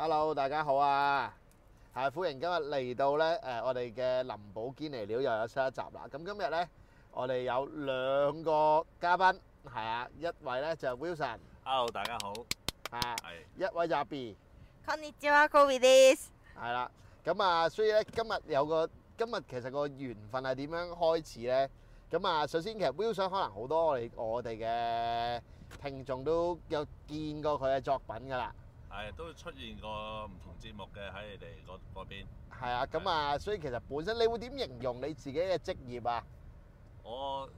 Hello，大家好啊，歡迎今日嚟到呢，我哋嘅林寶堅嚟料又有新一集啦，咁今日呢，我哋有兩個嘉賓,一位呢就係 Wilson, hello，大家好，一位就係阿 B, こんにちは。係啦，咁啊，所以呢,今日有個，今日其實個緣分係點樣開始呢？咁啊，首先其實 Wilson 可能好多我哋嘅聽眾都有見過佢嘅作品㗎啦。係都出現過唔同節目嘅喺你哋嗰嗰邊係啊，咁啊，所以其實本身你會點形容你自己嘅職業啊？我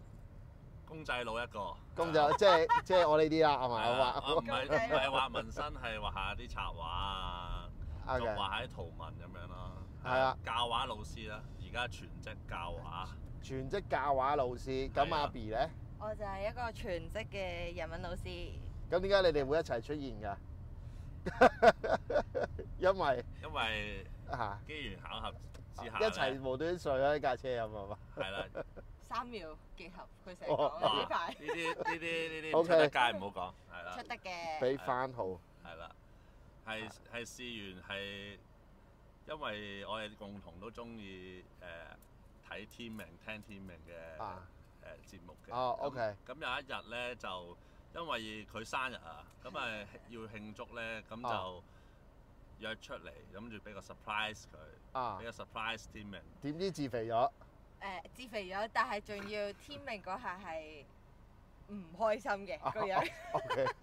公仔佬一個公仔，即係即係我呢啲啦，係咪？我唔係唔係畫紋身，係畫下啲插畫啊，又畫下啲圖文咁樣咯。係啊，教畫老師啦，而家全職教畫。全職教畫老師，咁阿 B 咧？我就係一個全職嘅日文老師。咁點解你哋會一齊出現噶？因為因為吓，機緣巧合之下，一齊無端咗喺架車飲，係嘛，係啦。三秒結合，佢成日講呢排呢啲呢啲呢啲出得街唔好講，係啦。出得嘅俾番號，係啦。係係試完係，因為我哋共同都中意誒睇天命聽天命嘅誒節目嘅。哦，O K。咁有一日咧就。因為佢生日啊，咁誒要慶祝咧，咁就約出嚟，諗住俾個 surprise 佢，俾、啊、個 surprise 天明。點、啊、知自肥咗。誒、呃、自肥咗，但係仲要天明嗰下係唔開心嘅個樣。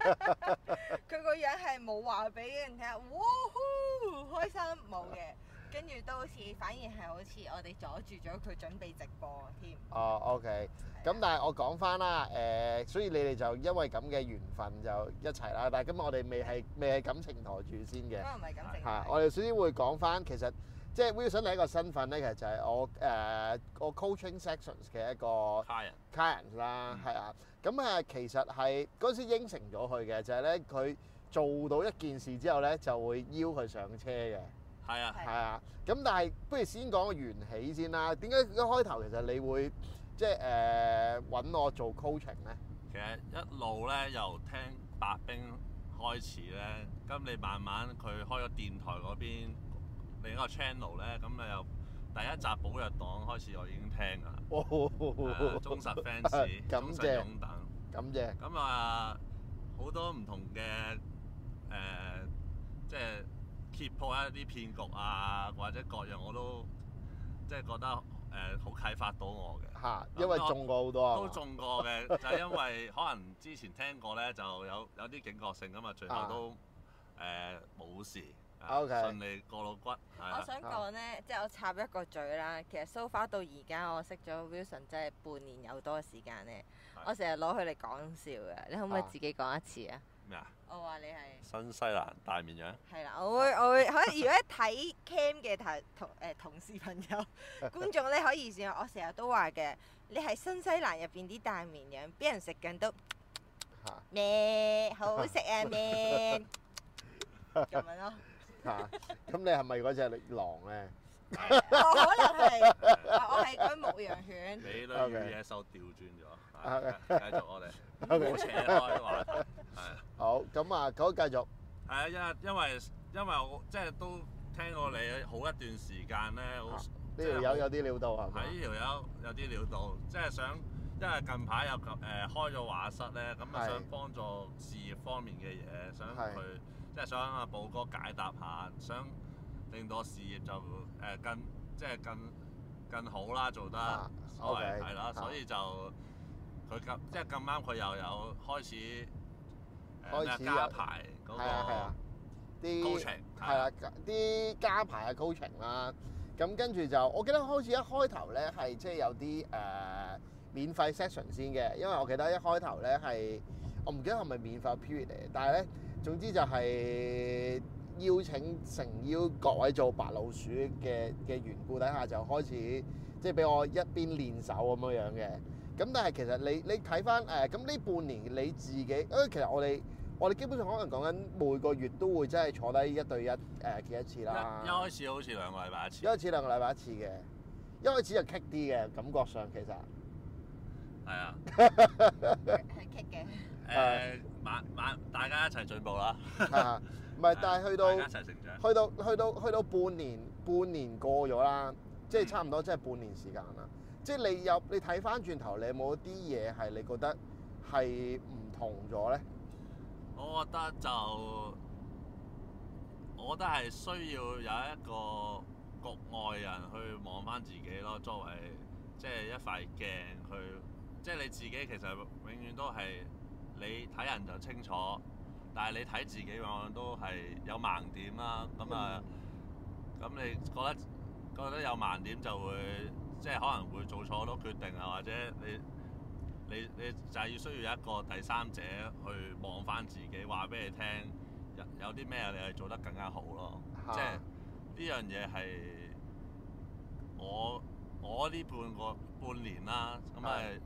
佢個樣係冇話俾人聽，哇呼開心冇嘅，跟住都好似反而係好似我哋阻住咗佢準備直播添。哦，O K。啊 okay. 咁但係我講翻啦，誒、呃，所以你哋就因為咁嘅緣分就一齊啦。但係今日我哋未係未係感情台住先嘅，咁唔、嗯、的我哋首先會講翻，其實即係 Wilson 你一個身份咧、就係呃，其實就係我誒個 coaching sections 嘅一個 client client 啦，係啊。咁啊其實係嗰時應承咗佢嘅，就係咧佢做到一件事之後咧，就會邀佢上車嘅，係啊，係啊。咁但係不如先講個緣起先啦。點解一開頭其實你會，即係誒揾我做 coaching 咧，其實一路咧，由聽白兵開始咧，咁你慢慢佢開咗電台嗰邊另一個 channel 咧，咁啊由第一集寶藥黨開始我已經聽㗎啦，忠實 fans， 忠實擁躉感謝，感謝，咁啊好多唔同嘅誒、呃、即係揭破一啲騙局啊，或者各樣我都即係覺得。誒好、呃、啟發到我嘅，嚇、啊，因為、嗯、中過好多，都中過嘅， 就係因為可能之前聽過咧，就有有啲警覺性咁嘛，最後都誒冇、啊呃、事、啊，O、okay. K，順利過到骨。我想講咧，啊、即係我插一個嘴啦。其實 so far 到而家我識咗 Wilson，真係半年有多時間咧，的我成日攞佢嚟講笑嘅，你可唔可以自己講一次啊？咩啊？我話你係新西蘭大綿羊。係啦，我會我會可如果睇 cam 嘅同同誒同事朋友觀眾咧，可以意思我成日都話嘅，你係新西蘭入邊啲大綿羊，俾人食緊都咩好食啊咩咁樣咯。嚇！咁你係咪嗰隻狼咧？我可能係，我係嗰啲牧羊犬。美女與野獸調轉咗。啊，Okay. 繼續我哋冇扯開話題，係好咁啊，講繼續。係啊，因因為， 因為，因為我即係都聽過你好一段時間咧，呢條友有啲料到係咪？係呢條友有啲料到，即係想，因為近排又誒開咗畫室咧，咁啊想幫助事業方面嘅嘢，想去是即係想阿寶哥解答下，想令到事業就誒更即係更更好啦，做得，係啦，啊 okay，所以就。啊啊佢咁即係咁啱，佢又有開始開始有、啊啊啊啊啊啊啊啊、排嗰個啲高程，係啊啲加排嘅高程啦。咁跟住就，我記得開始一開頭咧係即係有啲誒、呃、免費 session 先嘅，因為我記得一開頭咧係我唔記得係咪免費 period 嚟，但係咧總之就係邀請誠邀各位做白老鼠嘅嘅緣故底下，就開始即係俾我一邊練手咁樣樣嘅。咁但係其實你你睇翻誒咁呢半年你自己誒、呃、其實我哋我哋基本上可能講緊每個月都會真係坐低一對一誒幾、呃、一次啦。一開始好似兩個禮拜一次。一開始兩個禮拜一次嘅，一開始就棘啲嘅感覺上其實係啊，係棘嘅。誒，晚晚大家一齊進步啦。唔 係、啊，但係去到一齊成長。去到去到去到，去到半年，半年過咗啦，即係差唔多、嗯、即係半年時間啦。即係你有你睇翻轉頭，你有冇啲嘢係你覺得係唔同咗咧？我覺得就我覺得係需要有一個局外人去望翻自己咯，作為即係一塊鏡去。即係你自己其實永遠都係你睇人就清楚，但係你睇自己往往都係有盲點啦。咁啊，咁、嗯、你覺得覺得有盲點就會。即係可能會做錯好多決定啊，或者你你你就係要需要一個第三者去望翻自己，話俾你聽，有有啲咩你係做得更加好咯。啊、即係呢樣嘢係我我呢半個半年啦，咁誒、就是、的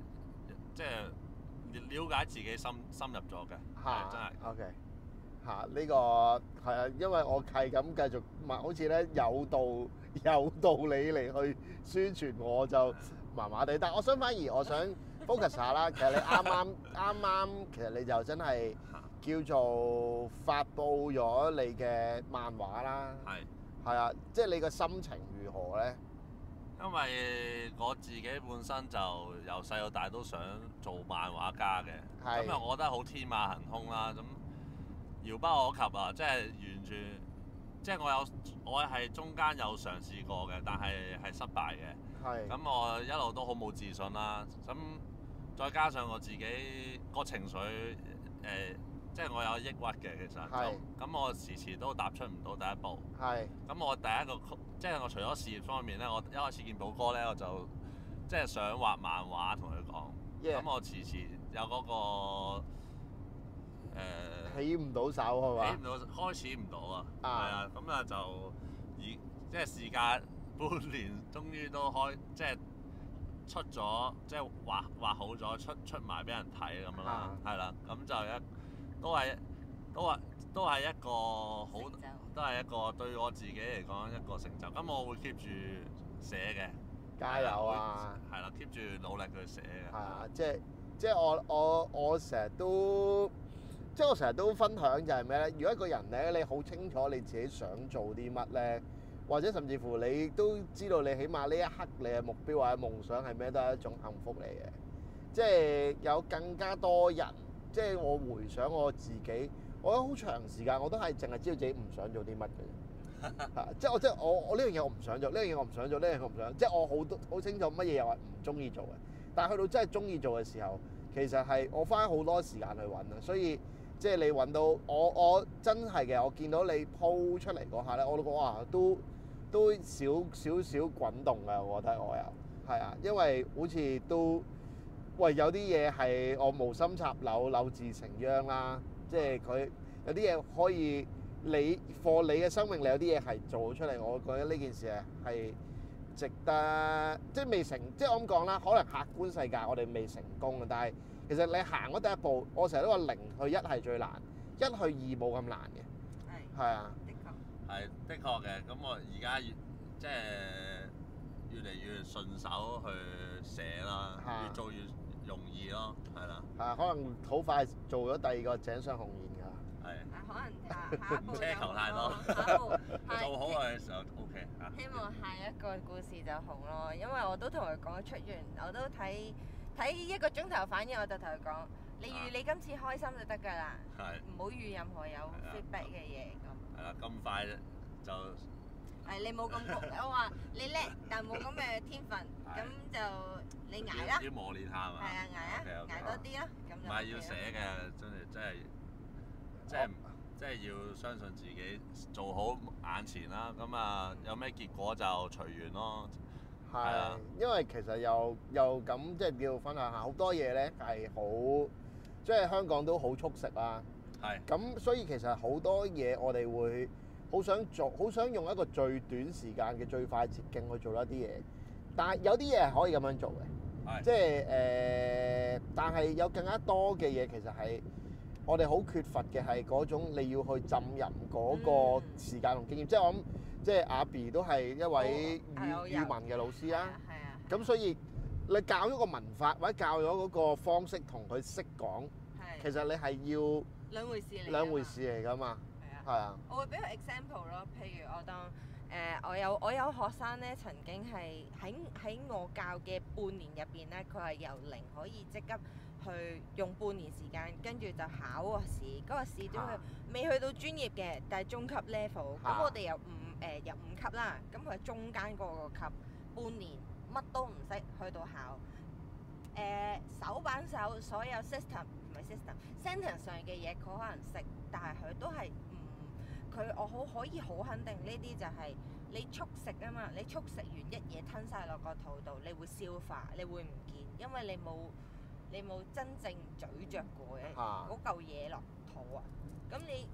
即係了解自己深深入咗嘅，係、啊、真係。O K，嚇呢個係啊，因為我係咁繼續，唔好似咧有道。有道理嚟去宣傳我就麻麻地，但係我想反而我想 focus 下啦。其實你啱啱啱啱，其實你就真係叫做發布咗你嘅漫畫啦。係係是啊，即係你個心情如何咧？因為我自己本身就由細到大都想做漫畫家嘅，是因為我覺得好天馬行空啦，咁遙不可及啊，即係完全。即係我有，我係中間有嘗試過嘅，但係係失敗嘅。係是。咁我一路都好冇自信啦、啊。咁再加上我自己個情緒，誒、呃，即係我有抑鬱嘅其實。係是。咁我時時都踏出唔到第一步。係是。咁我第一個，即係我除咗事業方面咧，我一開始見寶哥咧，我就即係想畫漫畫同佢講。咁 Yeah. 我時時有嗰、那個。誒起唔到手係嘛？起唔到，開始唔到啊！係啊，咁啊就而即係時間半年，終於都開即係出咗，即係畫畫好咗，出出埋俾人睇咁樣啦，係啦、啊，咁、啊、就一都係都係都係一個好，就都係一個對我自己嚟講一個成就。咁、嗯、我會 keep 住寫嘅，加油啊！係啦，keep 住努力去寫嘅，係啊，即係即係我我我成日都。即係我成日都分享就係咩咧？如果一個人咧，你好清楚你自己想做啲乜咧，或者甚至乎你都知道你起碼呢一刻你嘅目標或者夢想係咩，都係一種幸福嚟嘅。即係有更加多人，即係我回想我自己，我有好長時間我都係淨係知道自己唔想做啲乜嘅。 即係我即係我，我呢樣嘢我唔想做，呢樣嘢我唔想做，呢樣嘢我唔想做。即係我好多好清楚乜嘢又嘢唔中意做嘅。但係去到真係中意做嘅時候，其實係我花好多時間去揾啊，所以。即係你揾到我，我真係嘅，我見到你鋪出嚟嗰下咧，我覺得哇，都都少少少滾動嘅，我覺得我又係啊，因為好似都喂有啲嘢係我無心插柳柳自成蔭啦，即係佢有啲嘢可以你課你嘅生命你有啲嘢係做出嚟，我覺得呢件事係值得，即係未成，即係我咁講啦，可能客觀世界我哋未成功嘅，但係。其實你行嗰第一步，我成日都話零去一係最難，一去二冇咁難嘅，係係啊，係的確嘅。咁我而家越即係越嚟越順手去寫啦，越做越容易咯，係啦。的啊，可能好快做咗第二個井上雄彥噶，係。可能下部有。奢求太多。 啊哦、做得好嘅時候，OK。停啊、okay, 希望下一個故事就好咯，因為我都同佢講出完，我都睇。睇一個鐘頭反應，我就同佢講，你預你今次開心就得噶啦，唔好預任何有 feedback 嘅嘢。咁係啦，咁快就係你冇咁，我話你叻，但冇咁嘅天分，咁就你捱啦。要磨練下嘛。係啊，捱啊，捱多啲咯。咁就唔係要寫嘅，真係真係，即係即係要相信自己，做好眼前啦。咁啊，有咩結果就隨緣咯。係，因為其實又又咁即係叫分享下，好多嘢咧係好，即係香港都好速食啊。係的。咁所以其實好多嘢我哋會好想做，好想用一個最短時間嘅最快捷徑去做一啲嘢。但係有啲嘢係可以咁樣做嘅。係的。即係誒、呃，但係有更加多嘅嘢其實係我哋好缺乏嘅係嗰種你要去浸淫嗰個時間同經驗。嗯、即係我諗。即係阿 B 都係一位、哦、語語文嘅老師啊，咁所以你教咗個文法或者教咗嗰個方式同佢識講，係的其實你係要兩回事嚟兩回事嚟㗎嘛，係啊的，係啊的，我會俾佢 example 咯，譬如我當誒、呃、我有我有學生咧曾經係喺喺我教嘅半年入邊咧，佢係由零可以即刻去用半年時間跟住就考個試，嗰個試都係未去到專業嘅，但係中級 level，咁、啊、我哋有五。誒、呃、入五級啦，咁、嗯、佢中間嗰個,個級，半年乜都唔識去到考。誒、呃、手板手，所有 system 唔係 system，center 上嘅嘢佢可能食，但係佢都係唔佢我好可以好肯定呢啲就係你速食啊嘛，你速食完一嘢吞晒落個肚度，你會消化，你會唔見，因為你冇你冇真正咀嚼過嘅嗰嚿嘢落肚啊，咁你。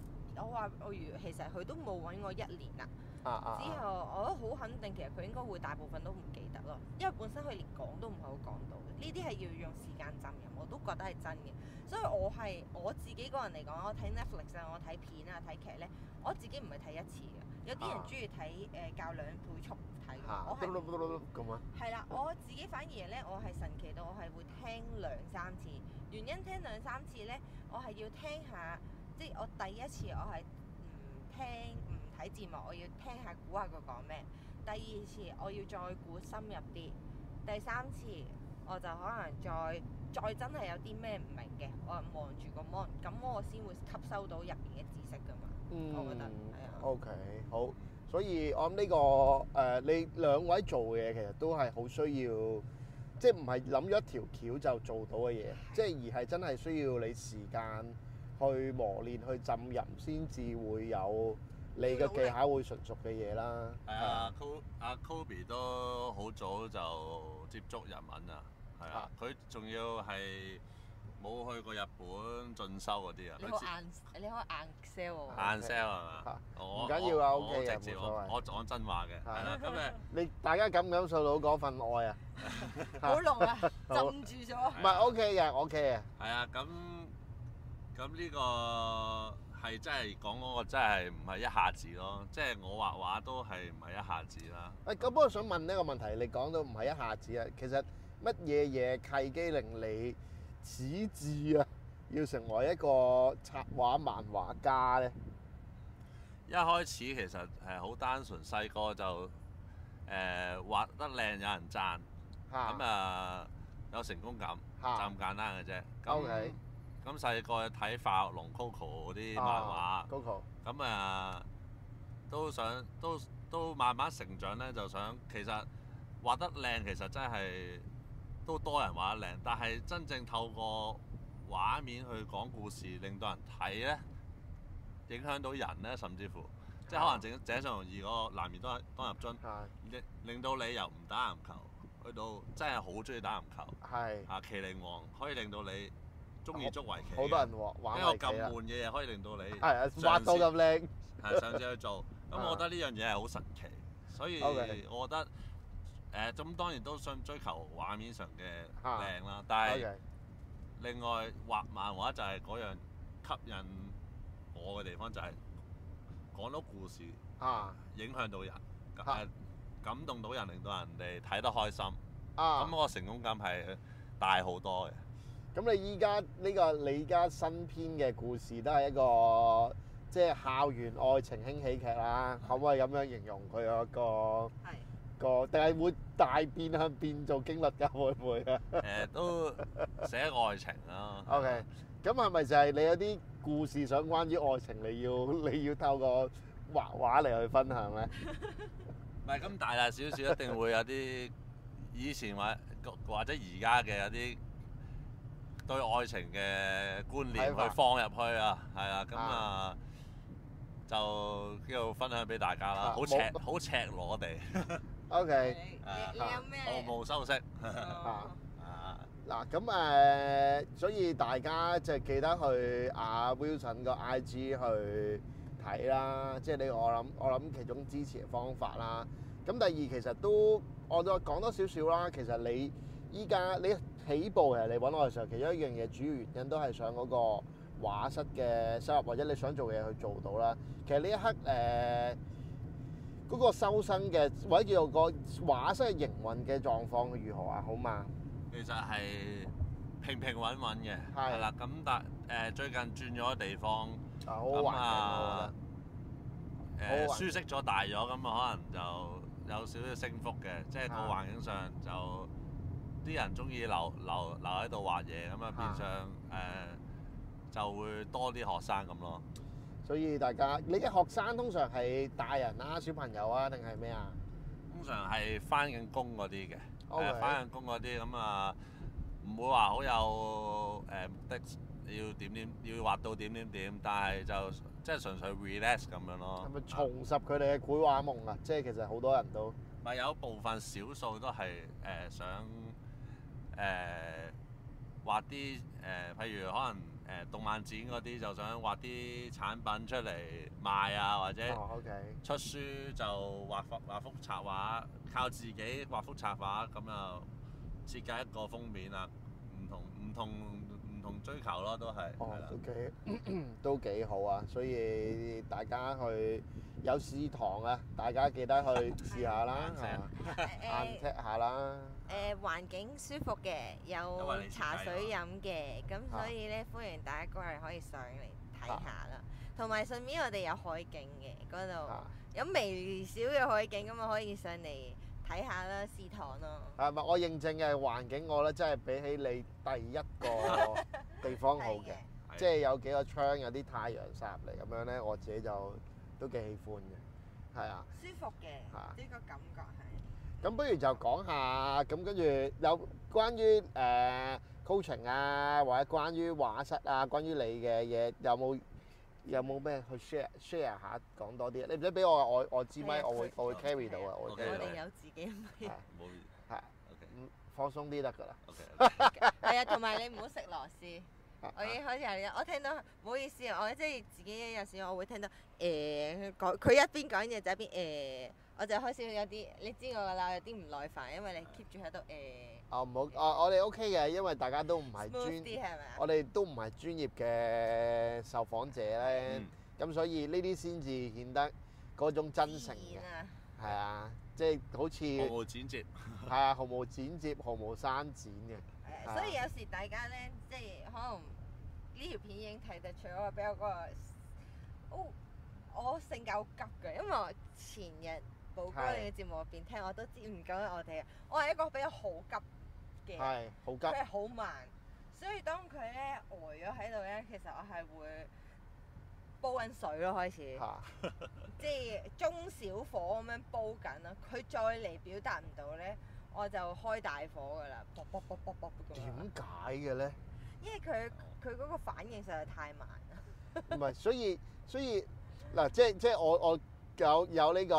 我話我如其實佢都冇揾我一年啦，啊、之後我都好肯定，其實佢應該會大部分都唔記得咯，因為本身佢連講都唔係好講到嘅，呢啲係要用時間浸淫，我都覺得係真嘅。所以我係我自己個人嚟講，我睇 Netflix 我睇片啊，睇劇咧，我自己唔係睇一次嘅，有啲人中意睇誒校兩倍速睇，我係咁啊，係啦是、嗯，我自己反而咧，我係神奇到我係會聽兩三次，原因聽兩三次咧，我係要聽下。即係我第一次我，我係唔聽唔睇字幕，我要聽下估下佢講咩。第二次我要再估深入啲，第三次我就可能再再真係有啲咩唔明嘅，我望住個 mon，咁我先會吸收到入邊嘅知識噶嘛。嗯、我覺得係啊。哎、o、okay, K，好,所以我諗呢、這個誒、呃,你兩位做嘅嘢其實都係好需要,即係唔係諗咗一條橋就做到嘅嘢,即係而係真係需要你時間去磨練，去浸淫，先至會有你嘅技巧會純熟嘅嘢啦。係啊，阿阿 Colbee 都好早就接觸日文啊。係啊，佢仲要係冇去過日本進修嗰啲啊。你好硬，你好硬 sell 喎。硬 sell 係嘛？唔緊要啊，OK 嘅，冇所謂。我講真話嘅。係啦，咁誒，你大家感唔感受到嗰份愛啊？好濃啊，浸住咗。唔係 OK 嘅，我 OK 嘅。係啊，咁。咁呢、這個係真係講嗰個真係唔係一下子咯，即係我畫畫都係唔係一下子啦。誒、啊，咁我想問呢個問題，你講到唔係一下子啊，其實乜嘢嘢契機令你始至啊，要成為一個插畫漫畫家咧？一開始其實係好單純，細個就誒、呃、畫得靚，有人讚，咁啊哈有成功感，就咁哈簡單嘅啫。哈那 okay. 咁細個睇《化學龍 Coco》嗰啲漫畫 Coco 咁啊、呃，都想都都慢慢成長咧，就想其實畫得靚，其實真係都多人畫得靚，但係真正透過畫面去講故事，令到人睇咧，影響到人咧，甚至乎、啊、即係可能整井上雄彥嗰個《男兒當入樽》令，令令到你由唔打籃球去到真係好中意打籃球，嚇、啊《棋靈係王》可以令到你。中意捉圍棋嘅，因為咁悶嘅嘢可以令到你畫到咁靚，係上次去做，咁我覺得呢樣嘢係好神奇。所以，我覺得誒咁當然都想追求畫面上嘅靚啦，但係另外畫漫畫就係嗰樣吸引我嘅地方就係講到故事，影響到人，感動到人，令到人哋睇得開心，咁我成功感係大好多嘅。咁你依家呢個你依家新編嘅故事都係一個即係、就是、校園愛情輕喜劇啦，可唔可以咁樣形容佢一個？係個定係會大變向變做驚慄㗎？會唔會啊？誒、欸、都寫愛情啦。OK，咁係咪就係你有啲故事想關於愛情，你要你要透過畫畫嚟去分享咧？唔係咁大大小小一定會有啲以前或或者而家嘅有啲。對愛情嘅觀念去放入去啊，係啊，咁啊就呢度分享俾大家啦，好赤好赤裸哋。OK，啊，你有咩？毫無修飾。啊，啊，嗱咁誒，所以大家就記得去阿 Wilson 個 I G 去睇啦，即係你我諗我諗其中支持嘅方法啦。咁第二其實都我再講多少少啦，其實你。依家你起步其實你揾我嘅時候，其中一樣嘢主要原因都係上嗰個畫室嘅收入，或者你想做嘢去做到啦。其實呢一刻誒嗰、呃嗰個收生嘅或者叫做個畫室營運嘅狀況如何啊？好嘛，其實係平平穩穩嘅係啦。咁但誒最近轉咗地方，咁啊誒舒適咗大咗，咁啊可能就有少少升幅嘅，即係個環境上就的。啲人中意留留留喺度畫嘢，咁啊變相誒、啊呃、就會多啲學生咁咯。所以大家你啲學生通常係大人啊、小朋友啊，定係咩啊？通常係返緊工嗰啲嘅，誒返緊工嗰啲咁啊，唔、呃、會話好有誒目的要點點要畫到點點點，但係就即係純粹 relax 咁樣咯。係咪重拾佢哋嘅繪畫夢啊？即係、嗯、其實好多人都咪有部分少數都係誒、呃、想。想誒、呃、畫啲誒、呃，譬如可能誒、呃、動漫展嗰啲，就想畫啲產品出嚟賣啊，或者、哦 okay. 出書就畫幅畫幅插畫靠自己畫幅插畫，咁就設計一個封面啦。唔同唔同。同追求咯，都係。哦，OK，都幾好啊！所以大家去有試堂啊，大家記得去試下啦，眼 check 下啦。誒，環境舒服嘅，有茶水飲嘅，咁所以咧歡迎大家過嚟可以上嚟睇下啦。同埋順便我哋有海景嘅嗰度，有微小嘅海景，咁我可以上嚟，睇下啦，試堂咯。係咪？我認證嘅環境我呢，我咧真係比起你第一個地方好嘅， 的即係有幾個窗，有啲太陽曬入嚟咁樣咧，我自己就都幾喜歡嘅，係啊。舒服嘅，呢個的感覺係。咁不如就講下咁，跟住有關於 coaching、呃、啊，或者關於畫室啊，關於你嘅嘢有冇？有冇咩去 share share 下講多啲你唔使俾我我我知咪我會我會 carry 到啊！我哋有自己唔好意思，嘢，係 OK，放鬆啲得㗎喇。係啊，同埋你唔好食螺絲。我已經開始啊！我聽到唔好意思啊，我即係自己有時我會聽到誒講，佢一邊講嘢就一邊誒。我就開始有啲，你知我噶啦，有啲唔耐煩，因為你 keep 住喺度誒。哦、呃，唔、啊、好，哦、啊，我哋 O K 嘅，因為大家都唔係專，係咪啊？我哋都唔係專業嘅受訪者咧。咁、嗯、所以呢啲先至顯得嗰種真誠嘅，係啊，即係、啊就是、好似毫無剪接，係 啊，毫無剪接，毫無刪剪嘅。啊、所以有時大家咧，即係可能呢條片已經睇得出咗比較、嗰個，我、哦、我性格好急嘅，因為我前日。寶哥，你嘅節目入邊聽我都知唔夠得我哋嘅。我係一個比較好急嘅，係好急，佢係好慢，所以當佢咧呆咗喺度咧，其實我係會煲緊水咯，開始， 即係中小火咁樣煲緊啦。佢再嚟表達唔到咧，我就開大火噶啦，卜點解嘅咧？因為佢佢嗰個反應實在太慢喇。唔 係，所以所以嗱，即係即係我我。我有有呢個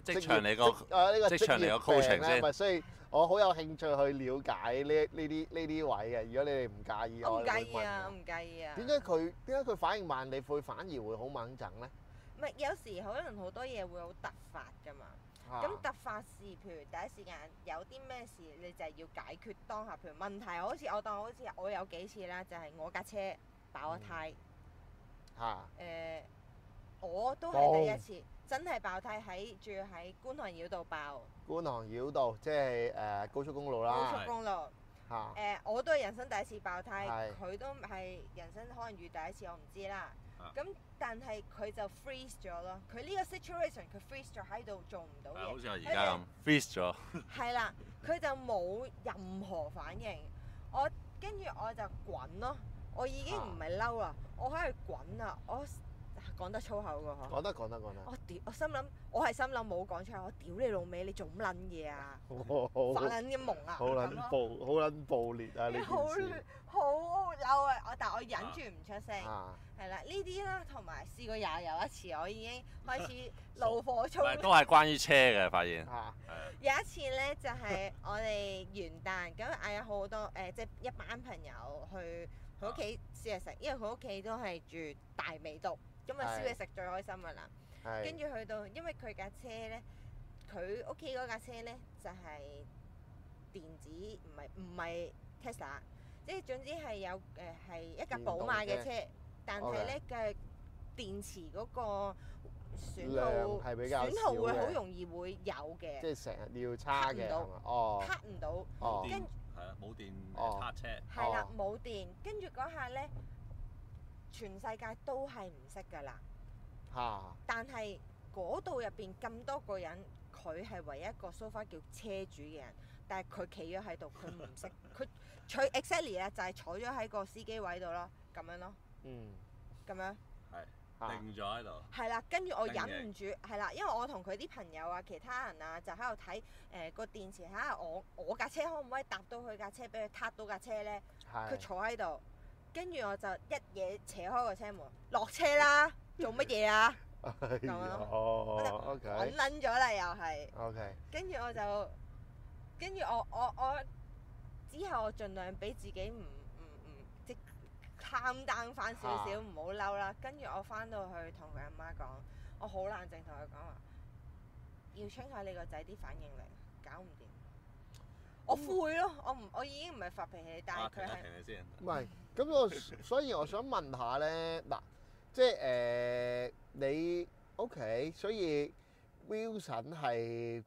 職場嚟個，啊呢個職業病咧，咪所以我好有興趣去了解呢呢啲呢啲位嘅。如果你哋唔介意，我可以問。唔介意啊！唔介意啊！點解佢點解佢反應慢，你會反而會好猛整咧？唔係有時可能好多嘢會好突發㗎嘛。咁突發事譬如第一時間有啲咩事，你就係要解決當下。譬如問題，好似我當好似我有幾次啦，就係我架車爆咗胎。嚇！誒～我都係第一次真，真係爆胎喺住喺觀塘繞道爆。觀塘繞道即係誒、呃、高速公路啦。高速公路。吓的。誒、呃，我都係人生第一次爆胎，佢的都係人生可能遇第一次，我唔知啦。咁的但係佢就 freeze 咗咯，佢呢個 situation 佢 freeze 咗喺度做唔到嘢。好似我而家咁 freeze 咗。係啦就，佢 就冇任何反應。我跟住我就滾咯，我已經唔係嬲啦，我喺度滾啊，我。講得粗口㗎，講得講得講得，我屌我心諗，我係心諗冇講出嚟，我屌你老味，你做咁撚嘢啊！發撚咁懵啊！好撚暴，吧暴，好撚暴烈啊！你好好嬲啊！我但係我忍住唔出聲，係啦，呢啲啦，同埋試過又有一次，我已經開始怒火沖、啊啊。 都係關於車嘅發現、啊。有一次咧，就係、是、我哋元旦咁嗌咗好多誒、呃，即係一班朋友去佢屋企試下食，因為佢屋企都係住大美督。今日燒嘢食最開心噶啦，跟住去到，因為佢架車咧，佢屋企嗰架車咧就係電子，唔係唔係 Tesla，即係總之係有誒係一架寶馬嘅車，但係咧嘅電池嗰個量係比較少，損耗會好容易會有嘅，即係成日要叉嘅，哦，卡唔到，跟係啊冇電叉車，係啦冇電，跟住嗰下咧。全世界都係唔識噶啦，啊、但係嗰度入邊咁多個人，佢係唯一一個 sofa 叫車主嘅人，但係佢企咗喺度，佢唔識佢。佢坐 exactly 呢就係坐咗喺個司機位度咯，咁樣咯，樣，嗯，咁樣，係是、啊、定咗喺度，係啦。跟住我忍唔住，係啦了，因為我同佢啲朋友啊、其他人啊，就喺度睇誒個電池，睇下我我架車可唔可以搭到佢架車，俾佢撻到架車呢？佢坐喺度。的跟住我就一嘢扯開個車門，落車啦！做乜嘢啊？咁樣， 哦，O K，撚咗啦又係，O K。okay. 跟住我就，跟住我我我之後我盡量俾自己唔唔唔即淡膽翻少少，唔好嬲啦。跟住我翻到去同佢阿媽講，我好冷靜同佢講話，要清下你個仔啲反應嚟，搞唔掂。我灰咯，我唔我已經唔係發脾氣，但係佢係。咪、啊。停咁我所以我想問下咧，嗱，即係誒、呃、你 OK，所以 Wilson 係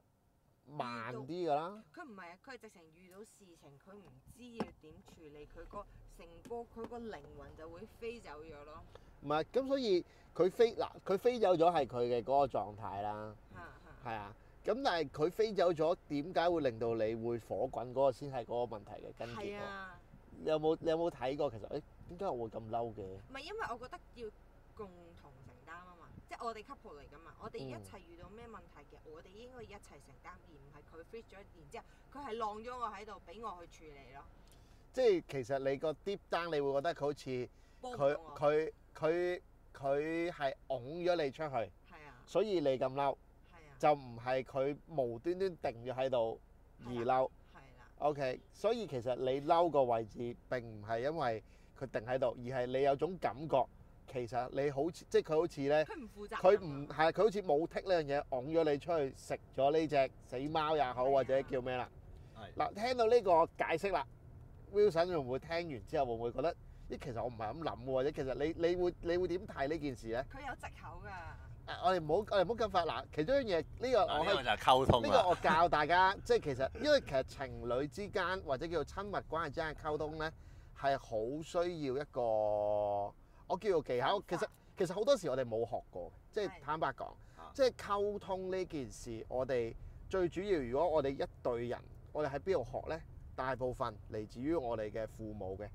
慢啲噶啦。佢唔係啊，佢係直情遇到事情，佢唔知要點處理，佢個成個佢個靈魂就會飛走咗咯。唔係，咁所以佢飛嗱佢飛走咗係佢嘅嗰個狀態啦。係啊，咁、啊啊、但係佢飛走咗，點解會令到你會火滾嗰個先係嗰個問題嘅根源。有冇你有冇睇過？其實誒點解我會咁嬲嘅？唔係因為我覺得要共同承擔啊嘛，即係我哋 couple 嚟噶嘛，我哋一齊遇到咩問題嘅，嗯、我哋應該一齊承擔，而唔係佢 free 咗，然之後佢係晾咗我喺度，俾我去處理咯。即係其實你個 deep down，你會覺得佢好似佢佢佢佢係拱咗你出去，係啊，所以你咁嬲，係啊，就唔係佢無端端定咗喺度而嬲。O.K.，所以其實你嬲個位置並唔係因為佢定喺度，而係你有種感覺，其實你好似即係佢好似咧，佢唔負責，佢唔係佢好似冇剔呢樣嘢，拱咗你出去食咗呢隻死貓也好，係或者叫咩啦？係嗱，聽到呢個解釋啦，Wilson 會唔會聽完之後會唔會覺得啲其實我唔係咁諗嘅或者其實你你會你會點睇呢件事咧？佢有藉口㗎。誒，我哋唔好，我哋唔好咁發嗱，其中一樣嘢，呢、這個我喺呢、啊這個、個我教大家， 即係其實，因為其實情侶之間或者叫做親密關係之間嘅溝通咧，係好需要一個我叫做技巧。嗯、其實其實好多時我哋冇學過，即係坦白講，是即係溝通呢件事，我哋最主要，如果我哋一對人，我哋喺邊度學咧？大部分嚟自於我哋嘅父母嘅，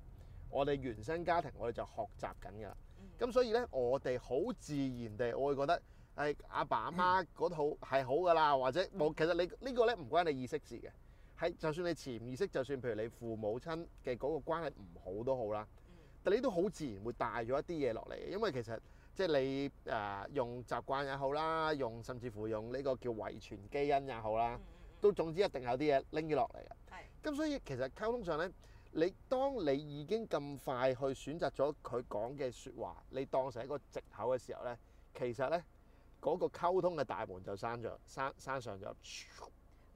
我哋原生家庭，我哋就學習緊㗎啦。咁所以咧，我哋好自然地，我會覺得係阿、哎、爸阿媽嗰套係好噶啦，或者冇。其實你、這個、呢個咧唔關你意識事嘅，係就算你潛意識，就算譬如你父母親嘅嗰個關係唔好都好啦，但你都好自然會帶咗一啲嘢落嚟嘅。因為其實即係你誒、呃、用習慣也好啦，用甚至乎用呢個叫遺傳基因也好啦，嗯、都總之一定有啲嘢拎咗落嚟嘅。咁是、嗯、所以其實溝通上咧。你當你已經咁快去選擇咗佢講嘅説話，你當成一個藉口嘅時候咧，其實咧嗰個溝通嘅大門就閂咗，閂閂上咗。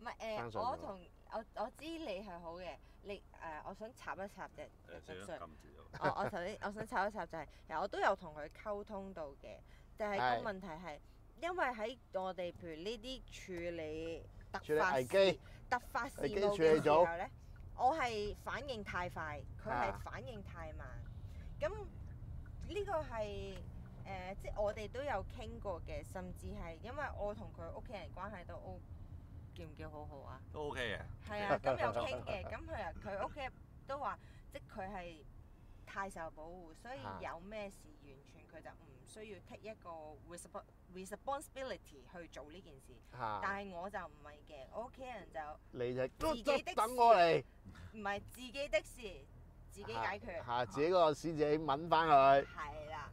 唔係誒，我同我我知你係好嘅，你誒、呃，我想插一插啫、呃哦。我我頭先我想插一插就係、是，其實我都有同佢溝通到嘅，但係個問題係，是因為喺我哋譬如呢啲處理突發危機、突發事務嘅時候咧。 我係反應太快，佢係反應太慢。咁呢、啊、個係誒、呃、即係我哋都有傾過嘅，甚至係因為我同佢屋企人關係都 O，叫唔叫好好啊？都 OK 嘅。係啊，咁有傾嘅，咁佢啊，佢屋企都話即係佢係太受保護，所以有咩事完全佢就唔。需要 take 一個 responsibility 去做呢件事，但係我就唔係嘅，我屋企人就自己的事等我嚟，唔係自己的事自己解決，嚇自己嗰個先自己揾翻佢。係啦。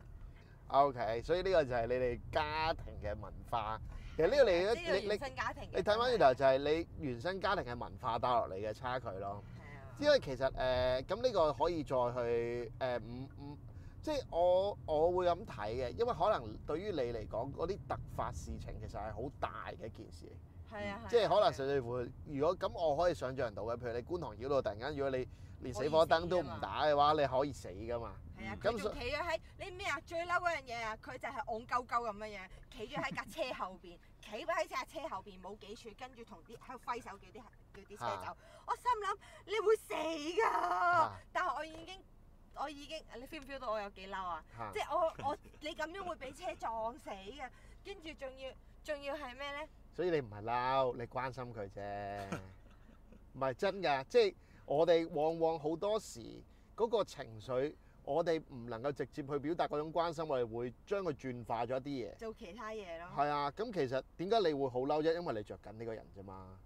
OK，所以呢個就係你哋家庭嘅文化。其實呢個嚟咗，你你原生家庭，你睇翻轉頭就係你原生家庭嘅文化帶落嚟嘅差距咯。係啊。因為其實誒，咁呢個可以再去誒五五。即係我我會咁睇嘅，因為可能對於你嚟講嗰啲突發事情其實係好大嘅一件事。係啊，啊啊即係可能甚至乎，如果咁我可以想象到嘅，譬如你觀塘繞道突然間，如果你連死火燈都唔打嘅話，你可以死噶嘛。係啊，佢仲企咗喺你咩啊？最嬲嗰樣嘢啊！佢就係戇鳩鳩咁樣，企咗喺架車後邊，企咗喺架車後邊冇幾處，跟住同啲喺度揮手叫啲叫啲車走。啊、我心諗你會死㗎，但係我已經。我已經，你 feel 唔 feel 到我有幾嬲啊？ 即係我我你咁樣會俾車撞死嘅，跟住仲要仲要係咩咧？所以你唔係嬲，你關心佢啫，唔係 真㗎。即係我哋往往好多時嗰、那個情緒，我哋唔能夠直接去表達嗰種關心，我哋會將佢轉化咗一啲嘢。做其他嘢咯。係啊，咁其實點解你會好嬲啫？因為你着緊呢個人啫嘛。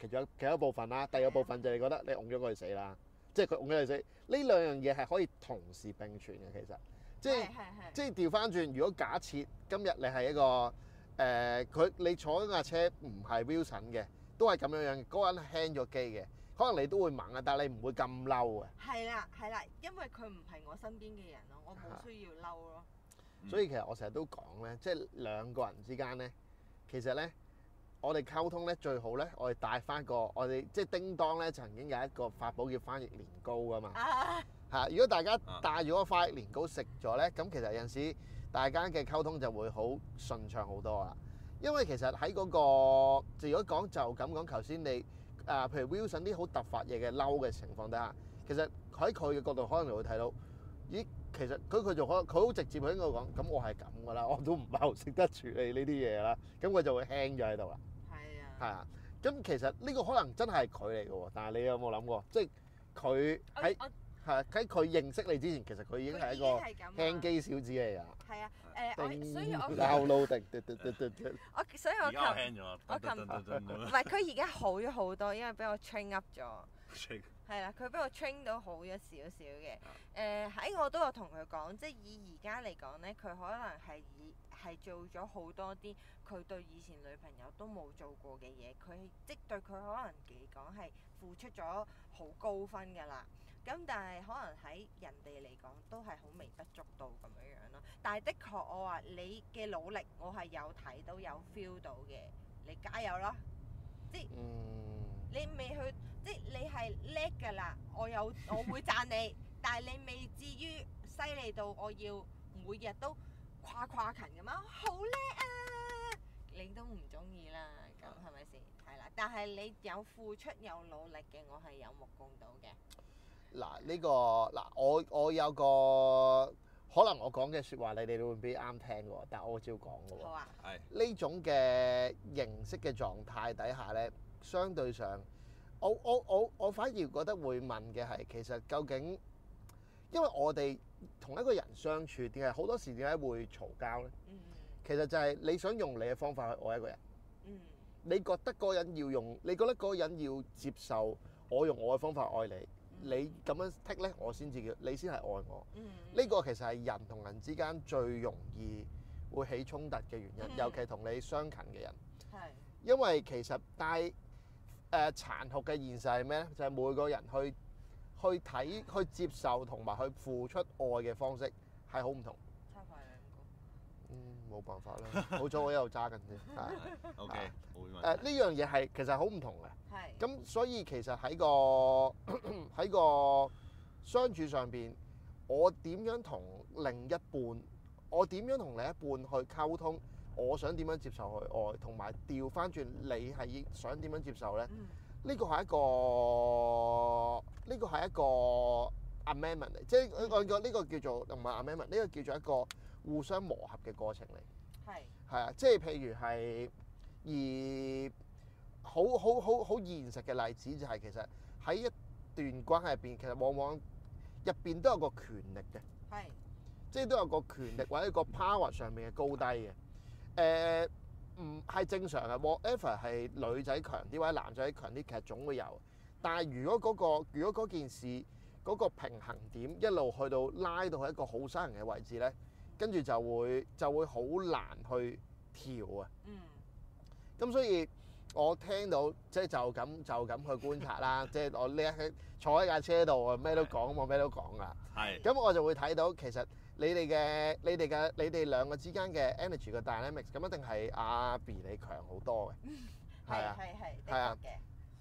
其中有一部分啦，第二部，部分就係覺得你擁咗佢死啦。即係佢用嘅例子，呢兩樣嘢係可以同時並存嘅。其實，即係即係調翻轉。如果假設今日你係一個誒，佢、呃、你坐緊架車唔係 Wilson 嘅，都係咁樣樣。嗰個人輕咗機嘅，可能你都會猛啊，但係你唔會咁嬲嘅。係啦，係啦，因為佢唔係我身邊嘅人咯，我冇需要嬲咯。的嗯、所以其實我成日都講咧，即係兩個人之間咧，其實咧。我哋溝通咧最好咧，我哋帶翻個我哋即係叮當咧，曾經有一個法寶叫翻譯年糕噶嘛，嚇、啊！如果大家帶咗嗰塊年糕食咗咧，咁其實有陣時大家嘅溝通就會好順暢好多啦。因為其實喺嗰、那個，就如果講就咁講，頭先你誒、啊，譬如 Wilson 啲好突發嘢嘅嬲嘅情況底下，其實喺佢嘅角度可能會睇到，咦，其實佢佢就可佢好直接喺度講，咁我係咁噶啦，我都唔係好識得處理呢啲嘢啦，咁佢就會輕咗喺度啦。係啊，咁其實呢個可能真係佢嚟嘅喎，但係你有冇諗過，即係佢喺係喺佢認識你之前，其實佢已經係一個傾偈小子嚟啊。係 啊，誒、呃，我所以我鬧老迪，我所以我琴唔係佢而家好咗好多，因為俾我 train up 咗。係啦，佢畀我 train 到好咗少少嘅。誒、嗯，喺、呃、我都有同佢講，即係以而家嚟講咧，佢可能係係做咗好多啲佢對以前女朋友都冇做過嘅嘢。佢即係對佢可能嚟講係付出咗好高分㗎啦。咁但係可能喺人哋嚟講都係好微不足道咁樣樣咯。但係的確，我話你嘅努力我，我係有睇到有 feel 到嘅。你加油咯！即係，嗯、你未去，即係你係叻噶啦。我有，我會讚你， 但係你未至於犀利到我要每日都跨跨勤咁啊！好叻啊！你都唔中意啦，咁係咪先？係啦，但係你有付出有努力嘅，我係有目共睹嘅。嗱，呢、呢個嗱，我我有個。可能我講嘅説話你哋會比較啱聽嘅喎，但係我照講嘅喎。呢、啊、種嘅形式嘅狀態底下咧，相對上，我我我我反而覺得會問嘅係，其實究竟，因為我哋同一個人相處，點解好多時點解會嘈交咧？嗯、其實就係你想用你嘅方法去愛一個人。嗯、你覺得嗰個人要用，你覺得嗰個人要接受我用我嘅方法愛你。你咁樣剔 i 咧，我先至叫你先係愛我。呢、mm hmm. 個其實係人同人之間最容易會起衝突嘅原因，mm hmm. 尤其同你相近嘅人。Mm hmm. 因為其實帶誒殘酷嘅現實係咩咧？就係、是、每個人去去睇、去接受同埋去付出愛嘅方式係好唔同。冇辦法啦，好彩我一路揸緊先。O.K. 誒，呢、啊、樣嘢係其實好唔同嘅。係是。咁所以其實喺個喺 個相處上邊，我點樣同另一半，我點樣同你一半去溝通，我想點樣接受佢愛，同埋調翻轉你係想點樣接受咧？呢個係一個呢個係一個 amendment 嚟、呢個，即係我我呢個叫做唔係 amendment，呢個叫做一個。互相磨合嘅過程嚟，係係啊，即係譬如係而好好好好現實嘅例子就係、是、其實喺一段關係入邊，其實往往入邊都有個權力嘅，係的即係都有個權力或者一個 power 上面嘅高低嘅。誒唔係正常嘅，whatever 係女仔強啲或者男仔強啲，其實總會有。但係如果嗰、嗰個如果嗰件事嗰、嗰個平衡點一路去到拉到一個好生人嘅位置咧。跟住就會就會好難去跳啊。嗯。咁所以我聽到即係就咁、是、就咁去觀察啦。即係 我呢一喺坐喺架車度，啊，咩都講，我咩都講啦。係。咁是我就會睇到其實你哋嘅你哋嘅你哋兩個之間嘅 energy 嘅 dynamics，咁一定係阿、啊、B 你強好多嘅。係 啊，係啊，係啊。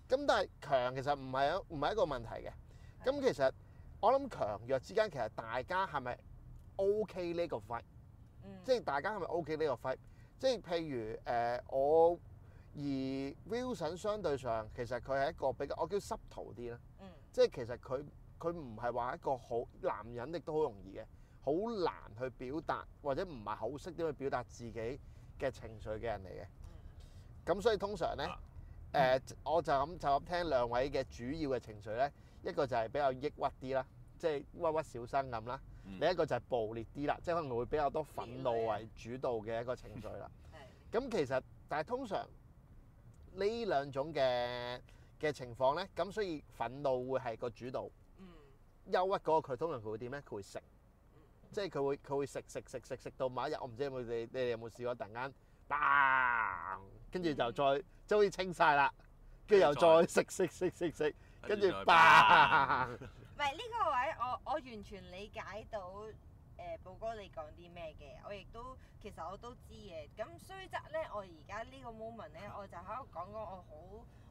咁、啊、但係強其實唔係唔係一個問題嘅。咁的其實我諗強弱之間其實大家係咪？O.K. 呢個 f i g h t 即係大家係咪 O.K. 呢個 f i g h t 即係譬如誒、呃，我而 Wilson 相對上其實佢係一個比較我叫 subtle 啲啦，嗯、即係其實佢佢唔係話一個好男人亦都好容易嘅，好難去表達或者唔係好識點去表達自己嘅情緒嘅人嚟嘅。咁、嗯、所以通常咧誒、啊呃，我就咁就咁聽兩位嘅主要嘅情緒咧，一個就係比較抑鬱啲啦，即係鬱鬱小生咁啦。另一個就係暴烈啲啦，即係可能會比較多憤怒為主導嘅一個情緒啦。係。咁其實，但係通常呢兩種嘅嘅情況咧，咁所以憤怒會係個主導。嗯。憂鬱嗰個佢通常佢會點咧？佢會食。即係佢會佢會食食食食食到某一日，我唔知你你哋有冇試過，突然間 bang 跟住就再即係好似清晒啦，跟住又再食食食食食，跟住 bang 唔係呢個位，我我完全理解到誒，寶、呃、哥你講啲咩嘅，我亦都其實我都知嘅。咁雖則咧，我而家呢個 moment 咧，我就喺度講講我好，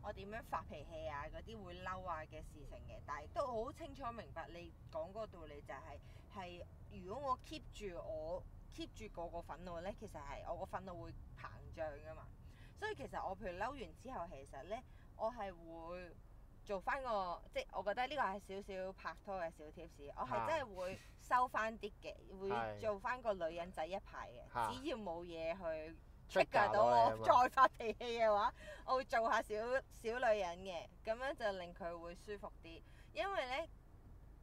我點樣發脾氣啊，嗰啲會嬲啊嘅事情嘅。但係都好清楚明白你講嗰個道理，就係，就係係如果我 keep 住我 keep 住個個憤怒咧，其實係我個憤怒會膨脹噶嘛。所以其實我譬如嬲完之後，其實咧我係會。做翻個，即係我覺得呢個係少少拍拖嘅小貼士。啊、我係真係會收翻啲嘅，啊、會做翻個女人仔一排嘅。啊、只要冇嘢去 trigger 到我，再發脾氣嘅話，我會做下小小女人嘅。咁樣就令佢會舒服啲。因為咧，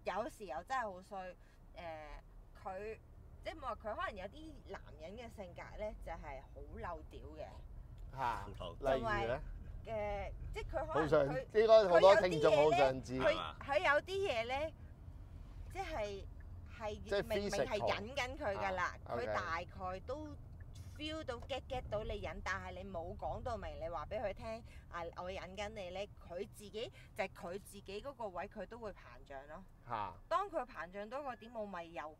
有時候真係好衰。誒、呃，佢即係冇話佢，可能有啲男人嘅性格咧，就係好漏屌嘅。嚇，例如誒，即係佢可能，應該好多聽眾好想知㗎。佢有啲嘢咧，即係是係明明係引緊佢㗎啦。佢、啊 okay. 大概都 feel 到 get get 到你引，但係你冇講到明，你話俾佢聽啊，我引緊你咧。佢自己就佢、是、自己嗰個位，佢都會膨脹咯。嚇、啊！當佢膨脹多個點，我咪又。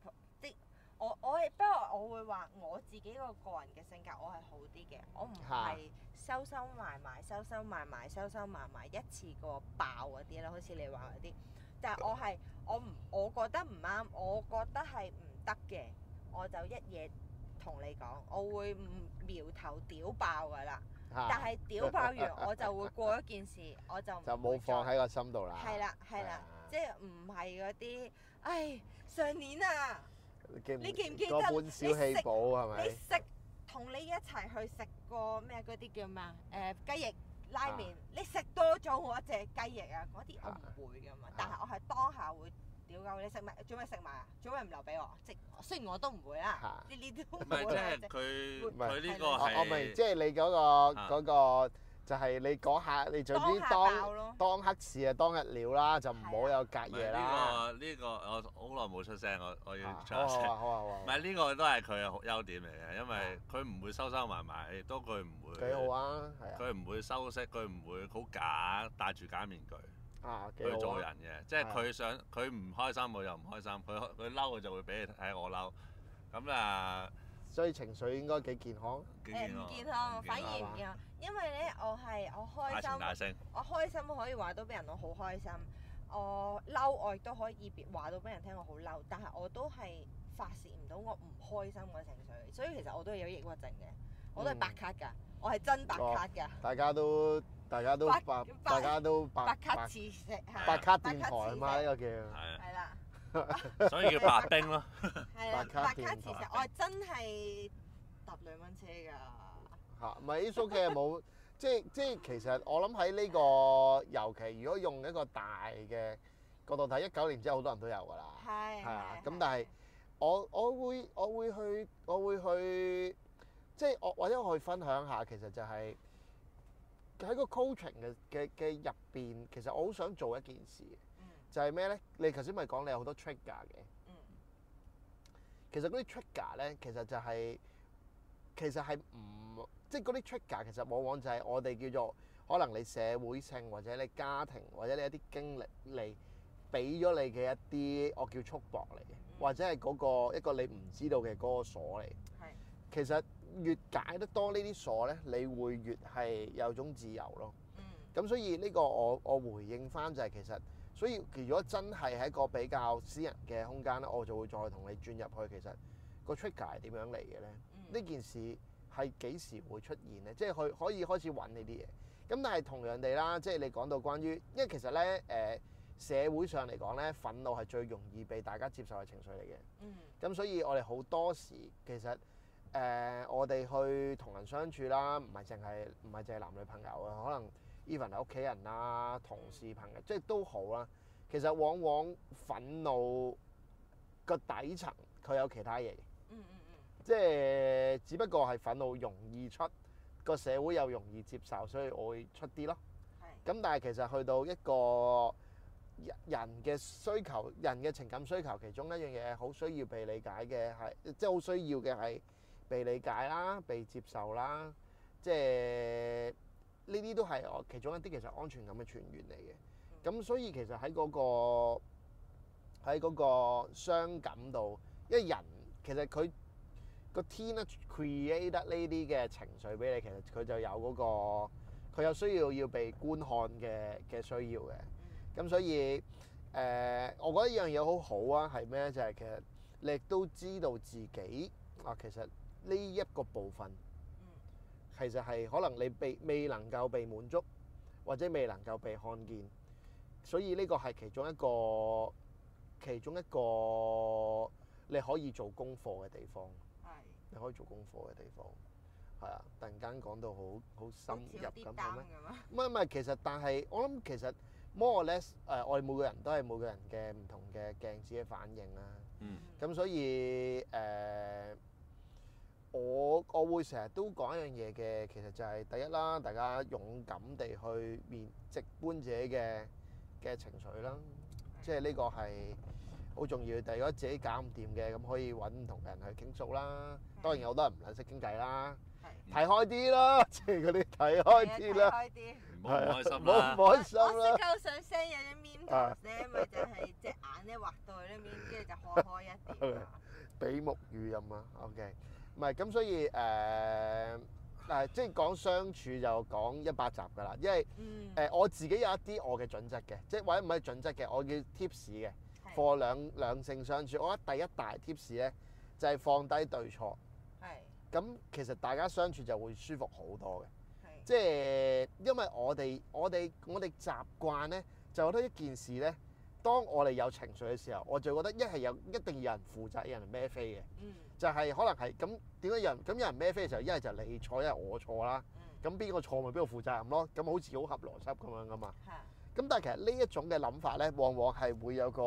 我我亦不過，我會話我自己個個人嘅性格我，我係好啲嘅。我唔係收收埋埋、收收埋埋、收收埋埋，埋一次過爆嗰啲咯，好似你話嗰啲。但係我係我唔我覺得唔啱，我覺得係唔得嘅，我就一嘢同你講，我會苗頭屌爆噶啦。 但係屌爆完我就會過一件事， 我就就冇放喺個心度啦。係啦係啦，即係唔係嗰啲唉上年啊。你記唔記得？食半小氣堡係咪？你食同你一齊去食過咩？嗰啲叫咩啊？誒雞翼拉麪，你食多咗我隻雞翼啊！我啲我唔會㗎嘛，但係我係當下會屌鳩你食埋，做咩食埋啊？做咩唔留俾我？即雖然我都唔會啦嚇，你你都唔會。唔係佢，呢個我咪，即係你嗰個嗰個。就係你嗰下，你做啲當當黑事啊，當，當日料啦，就唔好有隔夜啦。呢、啊呢個呢、呢個我好耐冇出聲，我我要出聲。唔係呢個都係佢嘅優點嚟嘅，因為佢唔會收收埋埋，亦都佢唔會。幾好啊！佢唔、啊、會收息，佢唔會好假，戴住假面具去做人嘅。啊啊、即係佢想，佢唔開心，我又唔開心。佢佢嬲，佢就會俾你睇我嬲。咁啊～所以情緒應該幾健康？誒，唔健康，反而唔健康，因為咧我係我開心，我開心可以話到俾人我好開心。我嬲我亦都可以話到俾人聽我好嬲，但係我都係發泄唔到我唔開心嘅情緒。所以其實我都係有抑鬱症嘅，我都係白卡㗎，我係真白卡㗎。大家都大家都白，大家都白。白卡知識，白卡電台啊！呢個叫。 所以叫白兵咯。 白，卡白卡其實我係真係搭兩蚊車㗎。嚇、 啊，唔係啲叔嘅冇，即即其實我諗喺呢個，尤其如果用一個大嘅角度睇，一九年之後好多人都有㗎啦。係。係啊。咁但係我我會我會去我會去，即我或者我去分享下，其實就係喺個 coaching 嘅嘅嘅入邊，其實我好想做一件事。就係咩咧？你頭先咪講你有好多 trigger 嘅，嗯、其實嗰啲 trigger 咧，其實就係、是、其實係唔即係、就、嗰、是、啲 trigger，其實往往就係我哋叫做可能你社會性，或者你家庭，或者你一啲經歷，你俾咗你嘅一啲我叫束縛嚟嘅，嗯、或者係嗰、嗰個一個你唔知道嘅嗰個鎖嚟。係是其實越解得多呢啲鎖咧，你會越係有種自由咯。咁、嗯、所以呢個我我回應翻就係其實。所以，如果真係喺個比較私人嘅空間咧，我就會再同你轉入去。其實、個 trigger 係點樣嚟嘅咧？呢、嗯、件事係幾時會出現咧？即係佢可以開始揾你啲嘢。咁但係同樣地啦，即係你講到關於，因為其實咧誒、呃、社會上嚟講咧，憤怒係最容易被大家接受嘅情緒嚟嘅。咁、嗯、所以我、呃，我哋好多時其實誒我哋去同人相處啦，唔係淨係唔係淨係男女朋友啊，可能。Even 係屋企人啊、同事朋友，即係都好啦。其實往往憤怒個底層佢有其他嘢，嗯嗯嗯，即係只不過係憤怒容易出，個社會又容易接受，所以我會出啲咯。咁係但係其實去到一個人嘅需求，人嘅情感需求，其中一樣嘢好需要被理解嘅係，即係好需要嘅係被理解啦、被接受啦，即係。呢啲都係我其中一啲其實安全感嘅來源嚟嘅，咁所以其實喺嗰個喺嗰個傷感度，因為人其實佢個天咧 create 得呢啲嘅情緒俾你，其實佢就有嗰個佢有需要要被觀看嘅嘅需要嘅，咁所以誒、呃，我覺得依樣嘢好好啊，係咩就係、是、其實你亦都知道自己啊，其實呢一個部分。其實係可能你被未能夠被滿足，或者未能夠被看見，所以呢個係其中一個其中一個你可以做功課嘅地方。係的，你可以做功課嘅地方。係啊，突然間講到好好深入咁樣咩？唔係唔係，其實但係我諗其實 more or less 誒、呃，我哋每個人都係每個人嘅唔同嘅鏡子嘅反應啦。嗯。咁所以誒。呃我我會成日都講一樣嘢嘅，其實就係第一啦，大家勇敢地去面直搵自己嘅嘅情緒啦，即係呢個係好重要。第二，如果自己搞唔掂嘅，咁可以搵唔同人去傾訴啦。的當然有好多人唔肯識傾偈啦，睇的開啲啦，即係嗰啲睇開啲啦，唔好唔開心唔好唔開心啦。我上聲 有啲面，你咪 就係隻眼一畫到佢啲面，跟住就開開一啲，比目魚咁啊。OK。唔係咁，所以誒誒、呃，即係講相處就講一百集㗎啦，因為誒、嗯呃、我自己有一啲我嘅準則嘅，即係或者唔係準則嘅，我叫 tips 嘅，for< 是>兩兩性相處，我覺得第一大 tips 咧就係、是、放低對錯，係咁是、嗯、其實大家相處就會舒服好多嘅，是即係因為我哋我哋我哋習慣咧，就覺得一件事咧。當我哋有情緒嘅時候，我就覺得一係有一定要有人負責，有人孭飛嘅，就係可能係咁點解有人咁有人孭飛嘅時候，一係就你錯一係我錯啦，咁邊個錯咪邊個負責任咯，咁、嗯、好似好合邏輯咁樣噶嘛。咁是但係其實呢一種嘅諗法咧，往往係會有個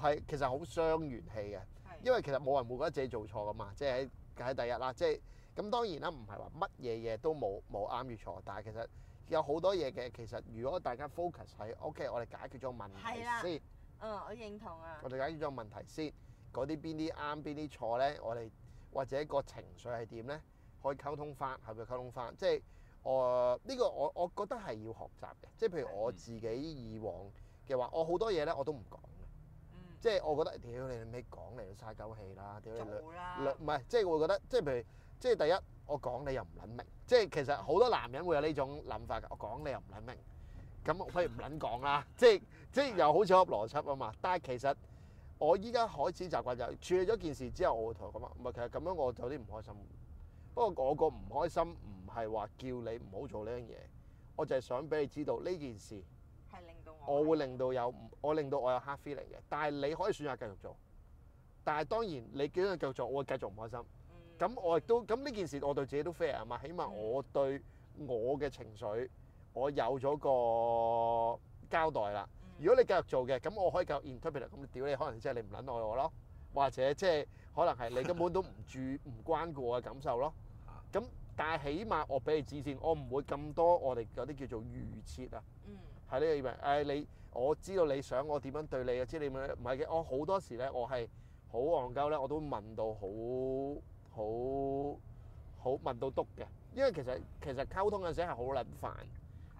係其實好傷元氣嘅，是因為其實冇人會覺得自己做錯噶嘛，即係喺喺第一啦，即係咁當然啦，唔係話乜嘢嘢都冇冇啱與錯，但係其實。有好多嘢嘅，其實如果大家 focus 喺，OK，我哋解決咗問題先，嗯，我認同啊。我哋解決咗問題先，嗰啲邊啲啱邊啲錯咧，我哋或者個情緒係點咧，可以溝通翻，係咪溝通翻？即係我呢個我我覺得係要學習嘅，即係譬如我自己以往嘅話，我好多嘢咧我都唔講嘅，嗯、即係我覺得，屌你你咪講，嚟到嘥鳩氣啦，屌你。唔係，即係會覺得，即係譬如。即係第一，我講你又唔撚明，即係其實好多男人會有呢種諗法㗎。我講你又唔撚明，咁我係唔撚講啦。即係即係又好似合邏輯啊嘛。但係其實我依家開始習慣就處理咗件事之後，我會同佢講話，唔係其實咁樣我就有啲唔開心。不過我個唔開心唔係話叫你唔好做呢樣嘢，我就係想俾你知道呢件事係令到我，我會令到有我令到我有黑 feeling 嚟嘅。但係你可以選擇繼續做，但係當然你照樣繼續做，我會繼續唔開心。咁我亦都咁呢件事，我對自己都 fair 啊嘛。起碼我對我嘅情緒，我有咗個交代啦。如果你繼續做嘅，咁我可以繼續 interpret。咁屌你，可能即係你唔撚愛我咯，或者即係可能係你根本都唔注唔關顧我嘅感受咯。咁但係起碼我俾你指線，我唔會咁多我哋嗰啲叫做預設啊。喺呢個意味，誒你我知道你想我點樣對你啊，即係你唔係嘅。我好多時咧，我係好戇鳩咧，我都問到好。好好問到篤嘅，因為其實其實溝通陣時係好撚煩，的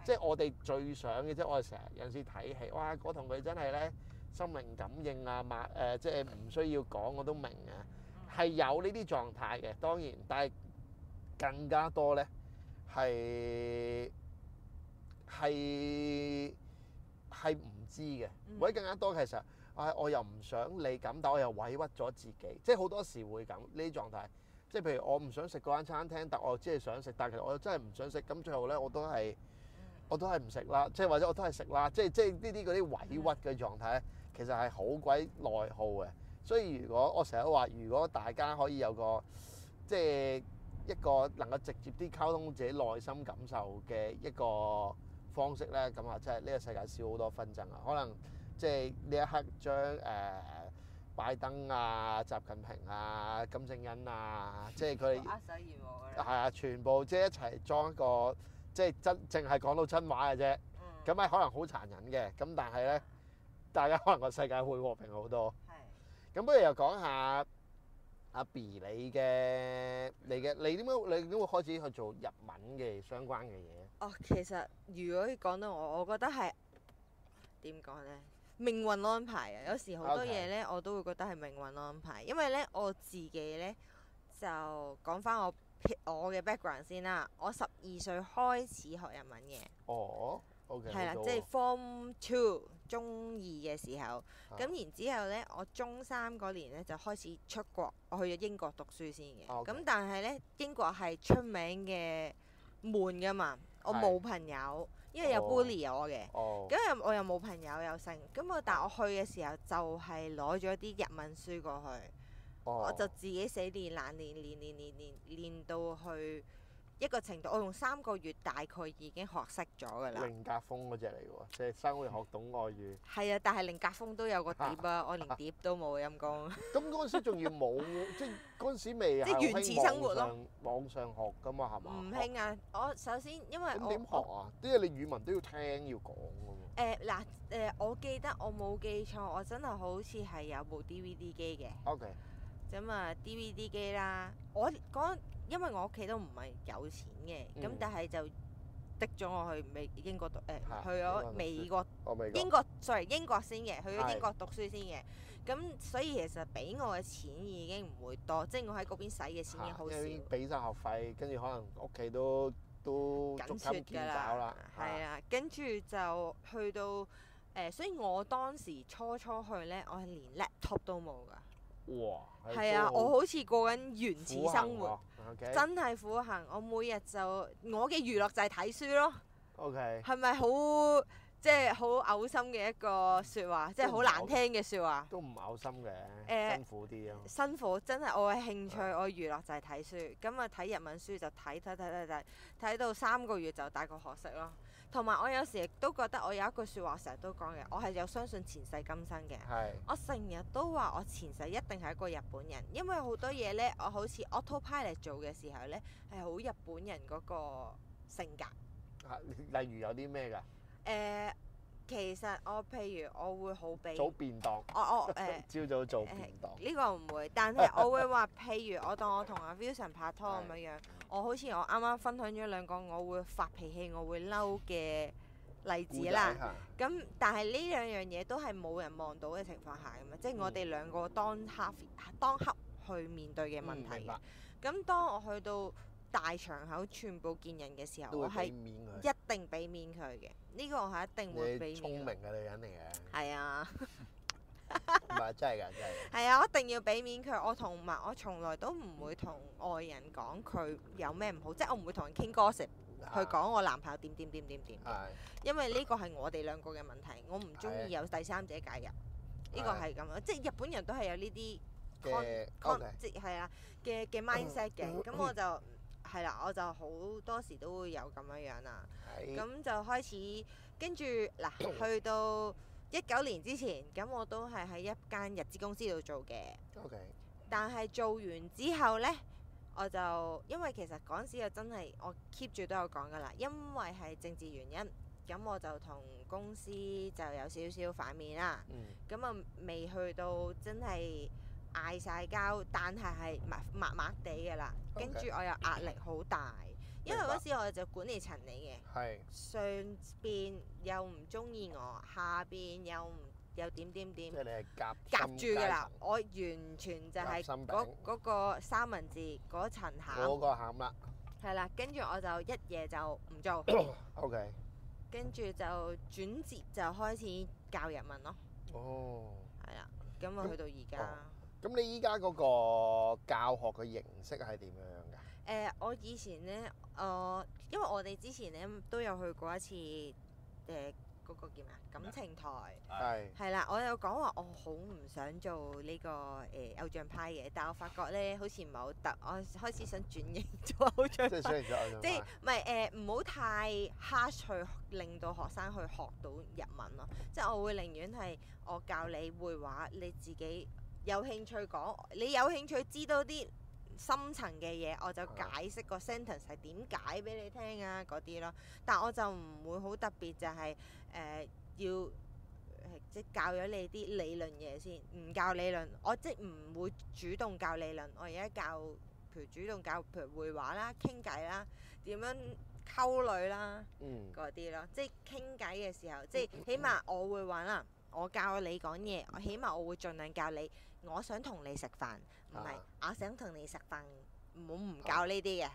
即係我哋最想嘅，即我哋成日有時睇戲哇，我同佢真係咧心靈感應啊，嘛誒，即係唔需要講我都明啊，係有呢啲狀態嘅，當然，但係更加多咧係係係唔知嘅，或者更加多其實啊、哎，我又唔想你咁，但我又委屈咗自己，即係好多時會咁呢啲狀態。即係譬如我唔想食嗰間餐廳，但我只係想食，但係其實我真係唔想食，咁最後咧我都係我都係唔食啦。即係或者我都係食啦。即係即係呢啲嗰啲委屈嘅狀態，其實係好鬼內耗嘅。所以如果我成日話，如果大家可以有個即係一個能夠直接啲溝通自己內心感受嘅一個方式咧，咁或者係呢個世界少好多紛爭啊。可能即係呢一刻將誒。呃拜登啊、習近平啊、金正恩啊，即係佢哋，死係啊，全部即係一齊裝一個，即係真淨係講到真話嘅啫。咁咪、嗯、可能好殘忍嘅，咁但係咧，大家可能個世界會和平好多。係是。咁不如又講下阿 B 你嘅，你嘅，你點解你點會開始去做日文嘅相關嘅嘢？哦，其實如果講到我，我覺得係點講咧？命運安排啊！有時好多嘢咧，我都會覺得係命運安排。因為咧，我自己咧就講翻我我嘅 background 先啦。我十二歲開始學日文嘅。哦。OK 係啦，即係 Form Two 中二嘅時候。係、啊。咁然之後咧，我中三嗰年咧就開始出國，我去咗英國讀書先嘅。哦。咁但係咧，英國係出名嘅悶噶嘛，我冇朋友。因為有 bully 我嘅，咁又、oh. oh. 我又冇朋友又剩，咁我但係我，我去嘅時候、oh. 就係攞咗啲日文書過去，oh. 我就自己死練爛練，練練練練練練練到去，一個程度，我用三個月大概已經學識咗噶啦。凌格風嗰隻嚟嘅喎，即係生活學懂外語。係啊，但係凌格風都有個碟啊，我連碟都冇陰功。咁嗰時仲要冇，即係嗰時未。即係原始生活咯。網上學噶嘛係嘛？唔興啊！我首先因為我點學啊？啲嘢你語文都要聽要講噶嘛？誒嗱誒，我記得我冇記錯，我真係好似係有部 DVD 機嘅。OK。咁啊，DVD 機啦，我講。因為我屋企都唔係有錢嘅，咁、嗯、但係就的咗我去美英國讀誒，去咗美國英國，雖、欸、然英國先嘅，啊、去咗英國讀書先嘅。咁、啊、所以其實俾我嘅錢已經唔會多，即、就、係、是、我喺嗰邊使嘅錢已經好少。俾晒、啊、學費，跟住可能屋企都都、嗯、捉襟見肘啦。係啊，跟住、啊、就去到誒、啊，所以我當時初初去咧，我係連 laptop 都冇噶。哇！係啊，我好似過緊原始生活。啊。真係苦行，我每日就我嘅娛樂就係睇書咯。O K，係咪好即係好嘔心嘅一個説話，即係好難聽嘅説話。都唔嘔心嘅，辛苦啲咯。辛苦，真係我嘅興趣，我嘅娛樂就係睇書。咁啊睇日文書就睇睇睇睇睇，睇到三個月就大概學識咯。同埋我有時亦都覺得我有一句説話，成日都講嘅，我係有相信前世今生嘅。係。我成日都話我前世一定係一個日本人，因為好多嘢咧，我好似 auto pilot 做嘅時候咧，係好日本人嗰個性格。啊，例如有啲咩噶？誒、呃，其實我譬如我會好俾早便當。我我誒。朝、呃、早，早做便當。呢、呃呢個唔會，但係我會話，譬如我當我同阿 Wilson 拍拖咁樣 樣。我好似我啱啱分享咗兩個我會發脾氣、我會嬲嘅例子啦。咁但係呢兩樣嘢都係冇人望到嘅情況下咁啊，即係我哋兩個當刻、嗯、當刻去面對嘅問題咁、嗯、當我去到大場口全部見人嘅時候，我係一定俾面佢嘅。呢、這個我係一定會俾面嘅。你聰明嘅女人嚟嘅。係啊。 唔係，真係㗎，真係。係啊，我一定要俾面佢。我同埋我從來都唔會同外人講佢有咩唔好，即係我唔會同人傾偈時去講我男朋友點點點點點。啊、因為呢個係我哋兩個嘅問題，我唔中意有第三者介入。呢、啊、個係咁樣，啊、即係日本人都係有呢啲即 concept 係啊嘅嘅 mindset 嘅，咁、嗯、我就係啦， 我就好多時都會有咁樣樣啦。係、啊。咁就開始跟住嗱，去到。一九年之前，咁我都係喺一間日資公司度做嘅。Okay. 但係做完之後呢，我就因為其實嗰陣時又真係我 keep 住都有講噶啦，因為係政治原因，咁我就同公司就有少少反面啦。嗯。咁啊、嗯，未去到真係嗌晒交，但係係麻，麻麻麻地噶啦，跟住 Okay. 我又壓力好大。因為嗰時我就管理層嚟嘅。是上邊又唔中意我，下邊又又點點點，即係你係夾夾住噶啦，我完全就係嗰嗰個三文治嗰層餡，嗰個餡啦，係啦，跟住我就一夜就唔做，OK， 跟住就轉折就開始教日文咯，哦，係啦，咁啊去到而家，咁、哦、你依家嗰個教學嘅形式係點樣噶？誒、呃，我以前咧，我、呃、因為我哋之前咧都有去過一次誒，嗰、呃那個叫咩啊？感情台係係 Yeah.、嗯、啦，我有講話我好唔想做呢、這個誒、呃、偶像派嘅，但係我發覺咧好似唔係好得，我開始想轉型做偶像派，即係唔係誒？唔好太哈趣，令到學生去學到日文咯。即係我會寧願係我教你會話，你自己有興趣講，你有興趣知道啲。深層嘅嘢，我就解釋個 sentence 係點解俾你聽啊嗰啲咯。但我就唔會好特別，就係、是、誒、呃、要即係教咗你啲理論嘢先，唔教理論，我即係唔會主動教理論。我而家教譬如主動教譬如會話啦、傾偈啦、點樣溝女啦嗰啲、嗯、咯。即係傾偈嘅時候，即係起碼我會話啦，我教你講嘢，我起碼我會盡量教你。我想同你食飯。唔、啊、我想同你食飯，唔好唔教呢啲嘅，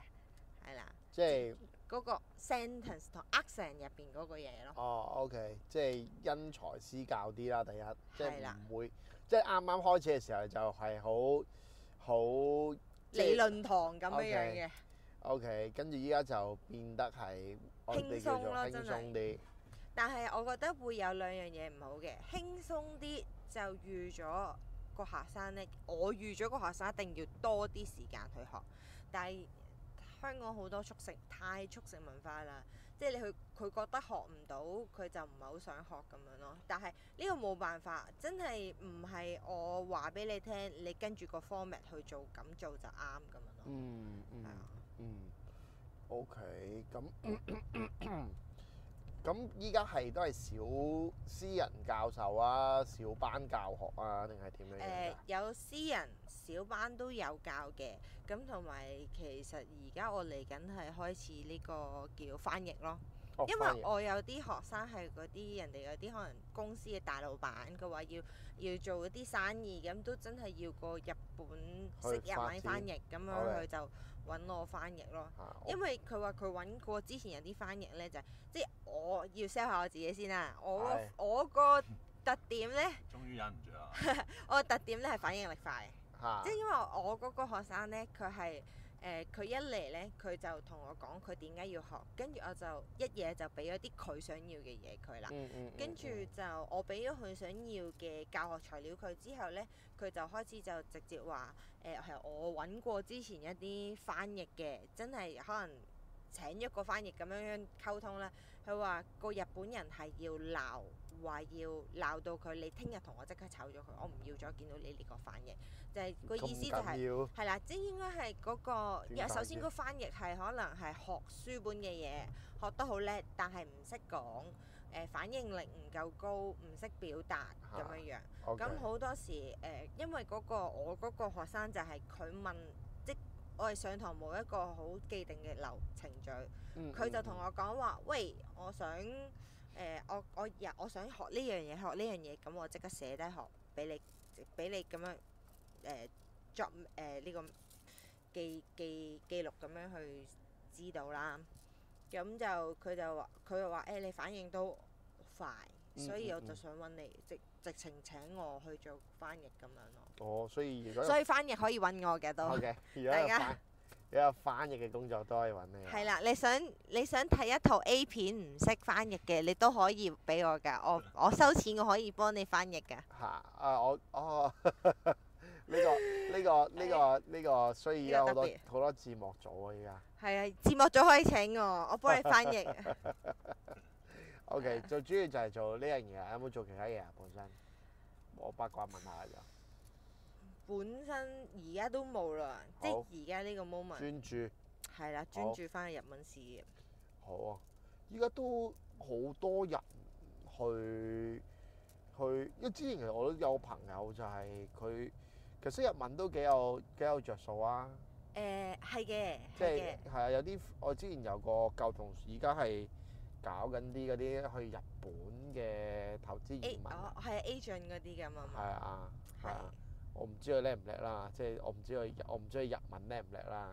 係啦。即係嗰個 sentence 同 accent 入邊嗰個嘢咯。哦，OK，即係因材施教啲啦，第一，的即係唔會，即係啱啱開始嘅時候就係好，好的理論堂咁樣嘅。OK，跟住依家就變得係輕鬆咯，真係。輕鬆啲，但係我覺得會有兩樣嘢唔好嘅，輕鬆啲就預咗。個學生咧，我預咗個學生一定要多啲時間去學，但係香港好多速成，太速成文化啦，即係你去，佢覺得學唔到，佢就唔係好想學咁樣咯。但係呢個冇辦法，真係唔係我話俾你聽，你跟住個 format 去做，咁做就啱咁樣咯。嗯嗯嗯。OK，咁。係吧。咁依家係都係小私人教授啊，小班教學啊，定係點樣？誒、呃，有私人小班都有教嘅，咁同埋其實而家我嚟緊係開始呢個叫翻譯咯，哦、因為我有啲學生係嗰啲人哋有啲可能公司嘅大老闆嘅話，要要做嗰啲生意，咁都真係要過日本識日文翻譯咁樣佢就。Okay. 揾我翻譯咯，啊、因為佢話佢揾過之前有啲翻譯咧，就係、是、即係我要 sell 下我自己先啦。我、哎、我個特點咧，終於忍唔住啦！ 我個特點咧係反應力快，啊、即係因為我嗰個學生咧，佢係。佢、呃、一嚟呢，佢就同我講佢點解要學，跟住我就一嘢就俾咗啲佢想要嘅嘢佢啦。跟住、嗯嗯、就我俾咗佢想要嘅教學材料佢之後呢，佢就開始就直接話誒係我揾過之前一啲翻譯嘅，真係可能請一個翻譯咁樣溝通啦。佢話個日本人係要鬧，話要鬧到佢，你聽日同我即刻炒咗佢，我唔要再見到你呢個翻譯。就係個意思、就是，就係係啦，即係應該係嗰、那個。首先，個翻譯係可能係學書本嘅嘢，嗯、學得好叻，但係唔識講，誒、呃、反應力唔夠高，唔識表達咁樣、啊、樣。咁好 Okay. 多時誒、呃，因為嗰、那個我嗰個學生就係佢問，即我哋上堂冇一個好既定嘅流程序，佢、嗯嗯嗯、就同我講話：，喂，我想誒、呃，我我又我，我想學呢樣嘢，學呢樣嘢，咁我即刻寫低學俾你，俾你咁樣。誒、啊，作誒呢、啊這個記記記錄咁樣去知道啦。咁、嗯嗯、就佢就話，佢就話誒，你反應都快，所以我就想揾你、嗯嗯、直直情請我去做翻譯咁樣咯。哦，所以所以翻譯可以揾我嘅都。O K，而家而家翻譯嘅工作都可以揾你。係啦，你想你想睇一套 A 片唔識翻譯嘅，你都可以俾我噶。我我收錢，我可以幫你翻譯嘅。吓、啊，啊我我。 呢、呢個呢、呢個呢個呢個，所以而家好多好別多字幕組啊！依家係啊，字幕組可以請我，我幫你翻譯。 o、okay, K，最主要就係做呢樣嘢。有冇做其他嘢啊？本身我八卦問下咋。本身而家都冇啦，即係而家呢個 moment 專注係啦、啊，專注翻去日文事業。好啊，依家都好多人去去，因為之前其實我都有朋友就係佢。其實日文都幾有幾有著數啊！誒係嘅，即係係啊，有啲我之前有個舊同事，而家係搞緊啲嗰啲去日本嘅投資移民，哦，係啊，agent 嗰啲嘅嘛。係啊，係啊，我唔知佢叻唔叻啦，即係我唔知佢我唔知佢日文叻唔叻啦。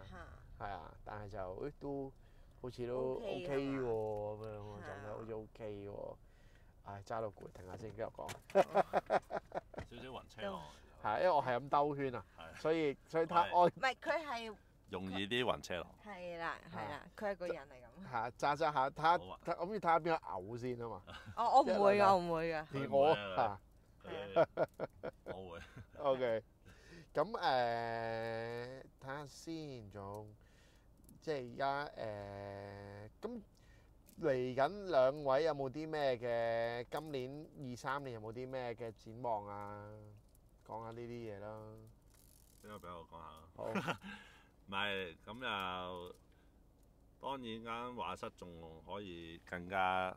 係啊，但係就誒都好似都 OK 喎，咁樣就好似 OK 喎。唉，揸到攰，停下先，繼續講。少少暈車喎。係，因為我係咁兜圈啊，所以所以睇我唔係佢係容易啲暈車咯。係啦，係啦，佢係個人嚟咁。係，揸揸下，睇咁要睇下邊個嘔先啊嘛。哦，我唔會㗎，我唔會㗎。係我，我會。OK，咁誒，睇下先，仲即係而家誒咁嚟緊，兩位有冇啲咩嘅今年二三年有冇啲咩嘅展望啊？講下呢啲嘢啦，邊個俾我講下好，唔係咁又當然間、啊、畫室仲可以更加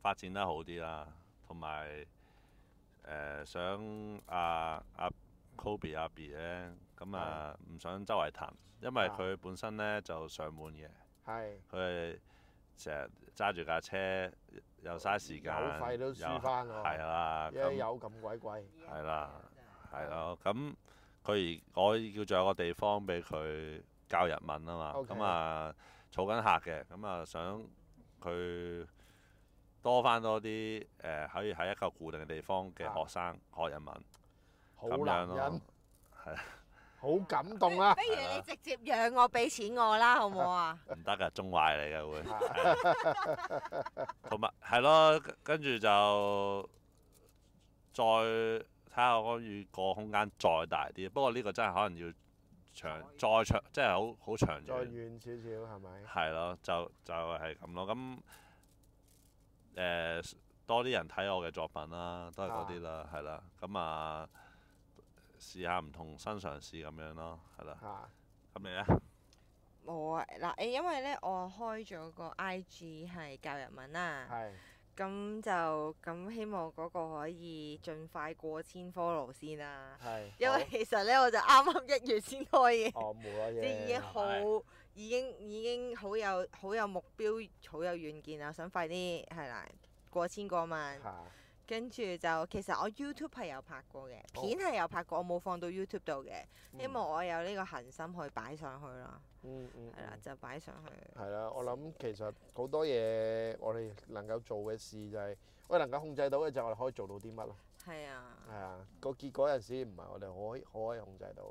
發展得好啲啦，同埋誒想阿阿 Kobe 阿 B 咧咁啊，唔、啊、想周圍談，因為佢本身咧就上滿嘅，係佢係。成日揸住架車又嘥時間，油費係啦，又有咁鬼貴，貴。係啦，係咯。咁佢而我叫做有個地方俾佢教日文啊嘛。咁 Okay. 啊，坐緊客嘅，咁啊想佢多翻多啲誒、呃，可以喺一個固定嘅地方嘅學生、啊、學日文，咁樣咯，係。好感動啊！不如你直接養我俾錢我啦，好唔好啊？唔得噶，縱壞你嘅會。同埋係咯，跟住就再睇下我預個空間再大啲。不過呢個真係可能要長，再，再長即係好好長。再遠少少係咪？係咯、啊，就就係咁咯。咁誒、呃、多啲人睇我嘅作品啦，都係嗰啲啦，係啦。咁啊～試下唔同新嘗試咁樣咯，係啦。咁你咧？冇啊，嗱，誒，因為咧，我開咗個 IG 係教日文啦。係是。咁就咁希望嗰個可以盡快過千 follow 先啦。係是。因為好其實咧，我就啱啱一月先開嘅。哦，冇啊，即已經好是，已經已經好有好有目標，好有遠見啊！我想快啲係啦，過千過萬。跟住就，其實我 YouTube 係有拍過嘅，片係有拍過，我冇放到 YouTube 度嘅，希望我有呢個恆心可以擺上去咯，嗯嗯，係啦，就擺上去。係啦，我諗其實好多嘢我哋能夠做嘅事就係，我哋能夠控制到嘅就係我哋可以做到啲乜咯。係啊。係啊，個結果有時唔係我哋可可可以控制到。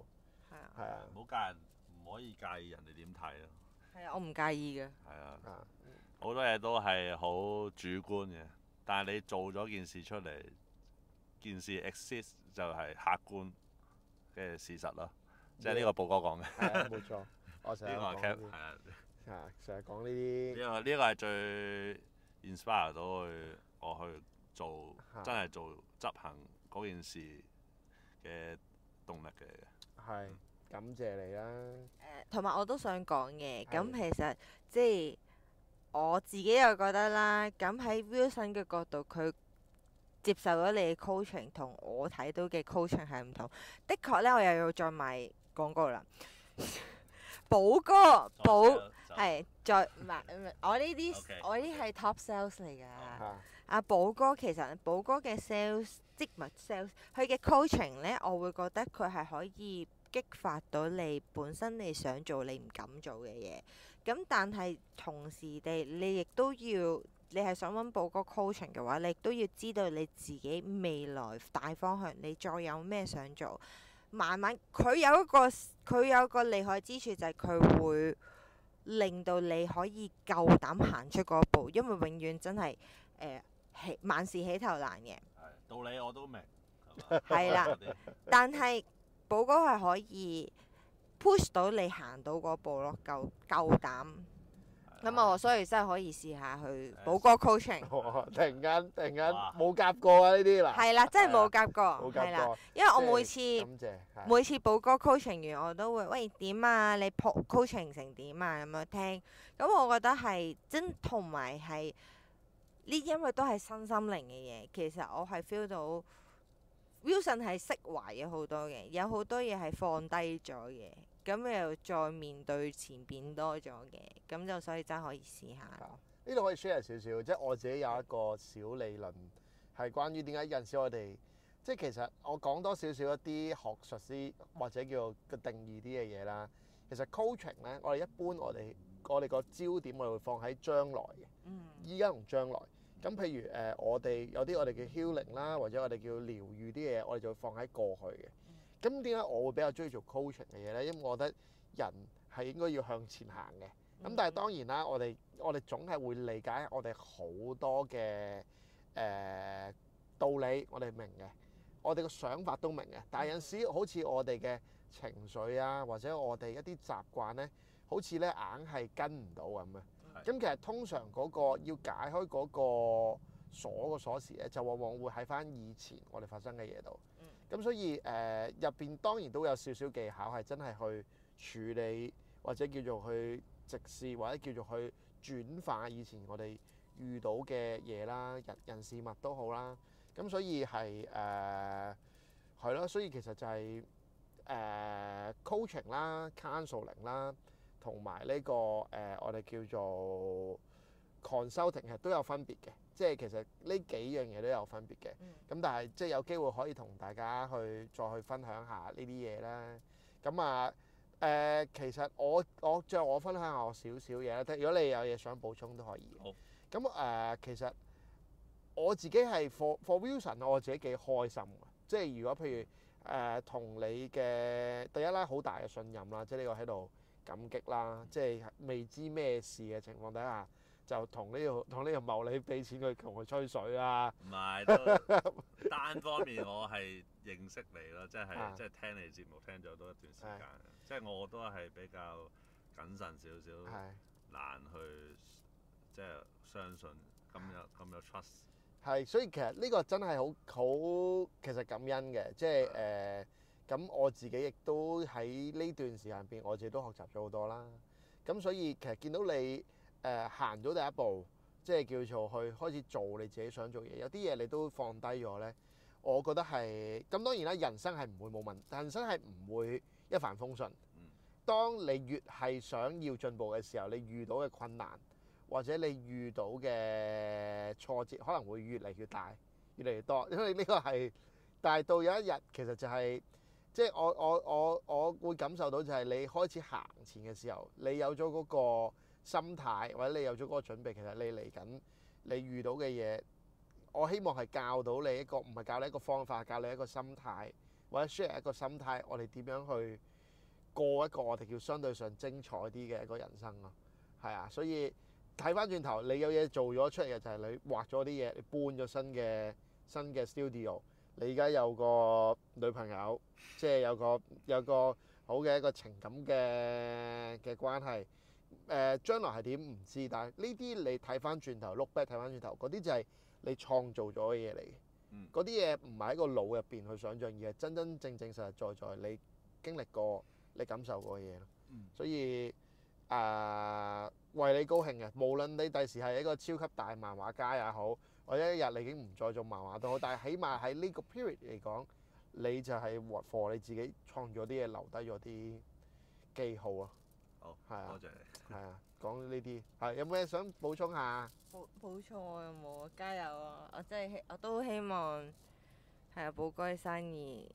係啊。係啊，唔好介意，唔可以介意人哋點睇咯。係啊，我唔介意嘅。係啊。好多嘢都係好主觀嘅。但係你做咗件事出嚟，件事 exist 就係客觀嘅事實咯，Yeah. 即係呢個寶哥講嘅。冇錯，我成日呢個係啊，成日講呢啲。呢個呢個係最 inspire 到去我去做 真係做執行嗰件事嘅動力嘅。係是，嗯、感謝你啦。誒，同埋我都想講嘅，咁其實即係。我自己又覺得啦，咁喺 Wilson 嘅角度，佢接受咗你嘅 coaching，co 同我睇到嘅 coaching 係唔同。的確咧，我又要再賣廣告啦， 寶哥，寶係再唔係， 我呢啲 Okay, okay. 我呢啲係 top sales 嚟噶。阿 Okay. 寶哥其實寶哥嘅 sales 職物 sales，佢嘅 coaching 咧，我會覺得佢係可以激發到你本身你想做你唔敢做嘅嘢。咁但係同時地，你亦都要，你係想揾寶哥 coaching 嘅話，你亦都要知道你自己未來大方向，你再有咩想做，慢慢佢有一個佢有一個厲害之處就係、是、佢會令到你可以夠膽行出嗰步，因為永遠真係誒、呃、起萬事起頭難嘅，道理我都明，係啦，的 但係寶哥係可以。push 到你行到嗰步咯，夠夠膽咁啊！的我所以真係可以試下去寶哥 coaching 突。突然間突然間冇夾過啊呢啲嗱。係啦，真係冇夾過。冇夾的的過。的因為我每次感每次寶哥 coaching 完我都會喂點啊，你寶 coaching 成點啊咁樣聽。咁我覺得係真同埋係呢，因為都係身心靈嘅嘢，其實我係 feel 到。Wilson 係釋懷咗好多嘅，有好多嘢係放低咗嘅，咁又再面對前邊多咗嘅，咁就所以真係可以試下。呢度可以 share 少少,即係我自己有一個小理論，係關於點解有陣時我哋,即係其實我講多少少一啲學術啲或者叫做個定義啲嘅嘢啦。其實 coaching 咧，我哋一般我哋我哋個焦點我哋會放喺將來嘅，嗯，依家同將來。咁譬如誒、呃，我哋有啲我哋叫 healing 啦，或者我哋叫療愈啲嘢，我哋就會放喺過去嘅。咁點解我會比較鍾意做 coaching 嘅嘢咧？因為我覺得人係應該要向前行嘅。咁但係當然啦，我哋我哋總係會理解我哋好多嘅誒、呃、道理我，我哋明嘅，我哋嘅想法都明嘅。但係有時好似我哋嘅情緒啊，或者我哋一啲習慣咧，好似咧硬係跟唔到咁樣。咁其實通常嗰個要解開嗰個鎖、嗰個鎖匙咧，就往往會喺翻以前我哋發生嘅嘢度。咁所以誒入邊當然都有少少技巧，係真係去處理或者叫做去直視或者叫做去轉化以前我哋遇到嘅嘢啦，人人事物都好啦。咁所以係誒係咯，所以其實就係、是、誒、呃、coaching 啦，counselling 啦。同埋呢個誒、呃，我哋叫做 consulting，係都有分別嘅。即係其實呢幾樣嘢都有分別嘅。咁、嗯、但係即係有機會可以同大家去再去分享下呢啲嘢啦。咁啊誒，其實我我再我分享下我少少嘢啦。如果你有嘢想補充都可以。咁誒好、嗯呃，其實我自己係 for for Wilson，我自己幾開心即係如果譬如誒，同、呃、你嘅第一啦，好大嘅信任啦，即係呢個喺度。感激啦，即係未知咩事嘅情況底下，就同呢度同呢個謀利俾錢佢同佢吹水啊，唔係都單方面我係認識你咯， 即係即係聽你節目聽咗多一段時間，的即係我都係比較謹慎少少，的難去即係相信咁有咁有 trust。係，所以其實呢個真係好好，其實感恩嘅，即係誒。的咁我自己亦都喺呢段時間入邊我自己都學習咗好多啦。咁所以其實見到你誒行咗第一步，即係叫做去開始做你自己想做嘢，有啲嘢你都放低咗呢，我覺得係咁，當然啦，人生係唔會冇問題，人生係唔會一帆風順。嗯，當你越係想要進步嘅時候，你遇到嘅困難或者你遇到嘅挫折可能會越嚟越大，越嚟越多，因為呢個係但係到有一日其實就係、是。即係我我我我會感受到就係你開始行前嘅時候，你有咗嗰個心態或者你有咗嗰個準備，其實你嚟緊你遇到嘅嘢，我希望係教到你一個唔係教你一個方法，教你一個心態或者 share 一個心態，我哋點樣去過一個我哋叫相對上精彩啲嘅一個人生咯，係啊，所以睇翻轉頭你有嘢做咗出嚟嘅就係你畫咗啲嘢，你搬咗新嘅新嘅 studio。你而家有個女朋友，即係有個有個好嘅一個情感嘅嘅關係。誒、呃，將來係點唔知，但係呢啲你睇翻轉頭 look back，睇翻轉頭嗰啲就係你創造咗嘅嘢嚟嘅。嗰啲嘢唔係喺個腦入邊去想象，而係真真正正實實在在你經歷過、你感受過嘅嘢咯。嗯、所以誒、呃，為你高興嘅，無論你第時係一個超級大漫畫家也好。我一日你已經唔再做漫畫都好，但係起碼喺呢個 period 嚟講，你就係為你自己創咗啲嘢，留低咗啲記號咯。好，係啊，多、oh，啊、謝謝你。係啊，講呢啲係有冇嘢想補充下？補補充啊，有冇啊？加油啊！我真係我都希望係啊，寶哥嘅生意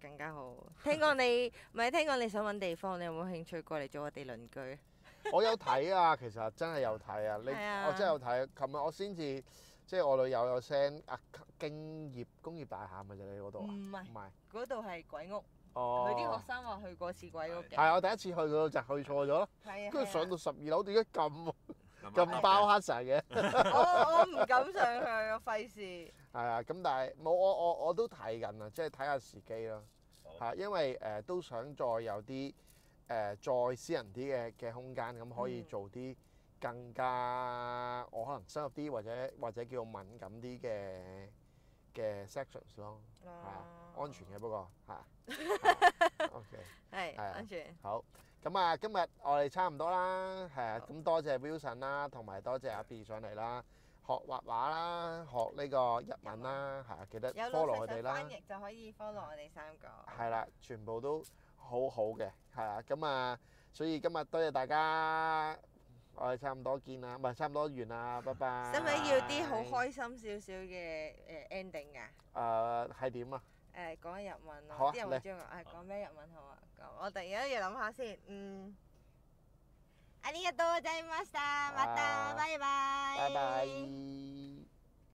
更加好。聽講你唔係 聽講你想揾地方，你有冇興趣過嚟做我哋鄰居？ 我有睇啊，其實真係有睇啊。你我真係有睇。琴日我先至。即係我女友有 send 啊，經業工業大廈咪就你嗰度啊？唔係是，嗰度係鬼屋。哦，佢啲學生話去過次鬼屋嘅。係，我第一次去嗰陣去錯咗咯。係啊的。跟住上到十二樓，點解咁咁爆黑曬嘅的？ 我唔敢上去，啊，費事。係啊，咁但係冇我我我都睇緊啊，即係睇下時機咯。係的，因為誒、呃、都想再有啲誒、呃、再私人啲嘅嘅空間，咁可以做啲。嗯更加我可能深入啲或者或者叫敏感啲嘅嘅 sections 咯，係啊，安全嘅，不過，係啊，OK，係，係安全。好，咁啊，今日我哋差唔多啦，係啊，咁多謝 Wilson 啦，同埋多謝阿 B 上嚟啦，學畫畫啦，學呢個日文啦，係啊，記得 follow 我哋啦。有路上翻譯就可以 follow 我哋三個。係啦，全部都好好嘅，係啊，咁啊，所以今日多謝大家。我哋差唔多見啦，唔係差唔多完啦，拜拜。使唔使要啲好開心少少嘅誒 ending 㗎？誒，係點啊？誒，講下日文啊，之後會將啊，係講咩日文好啊？我突然間要諗下先，嗯，ありがとうございました。また，拜拜。拜拜。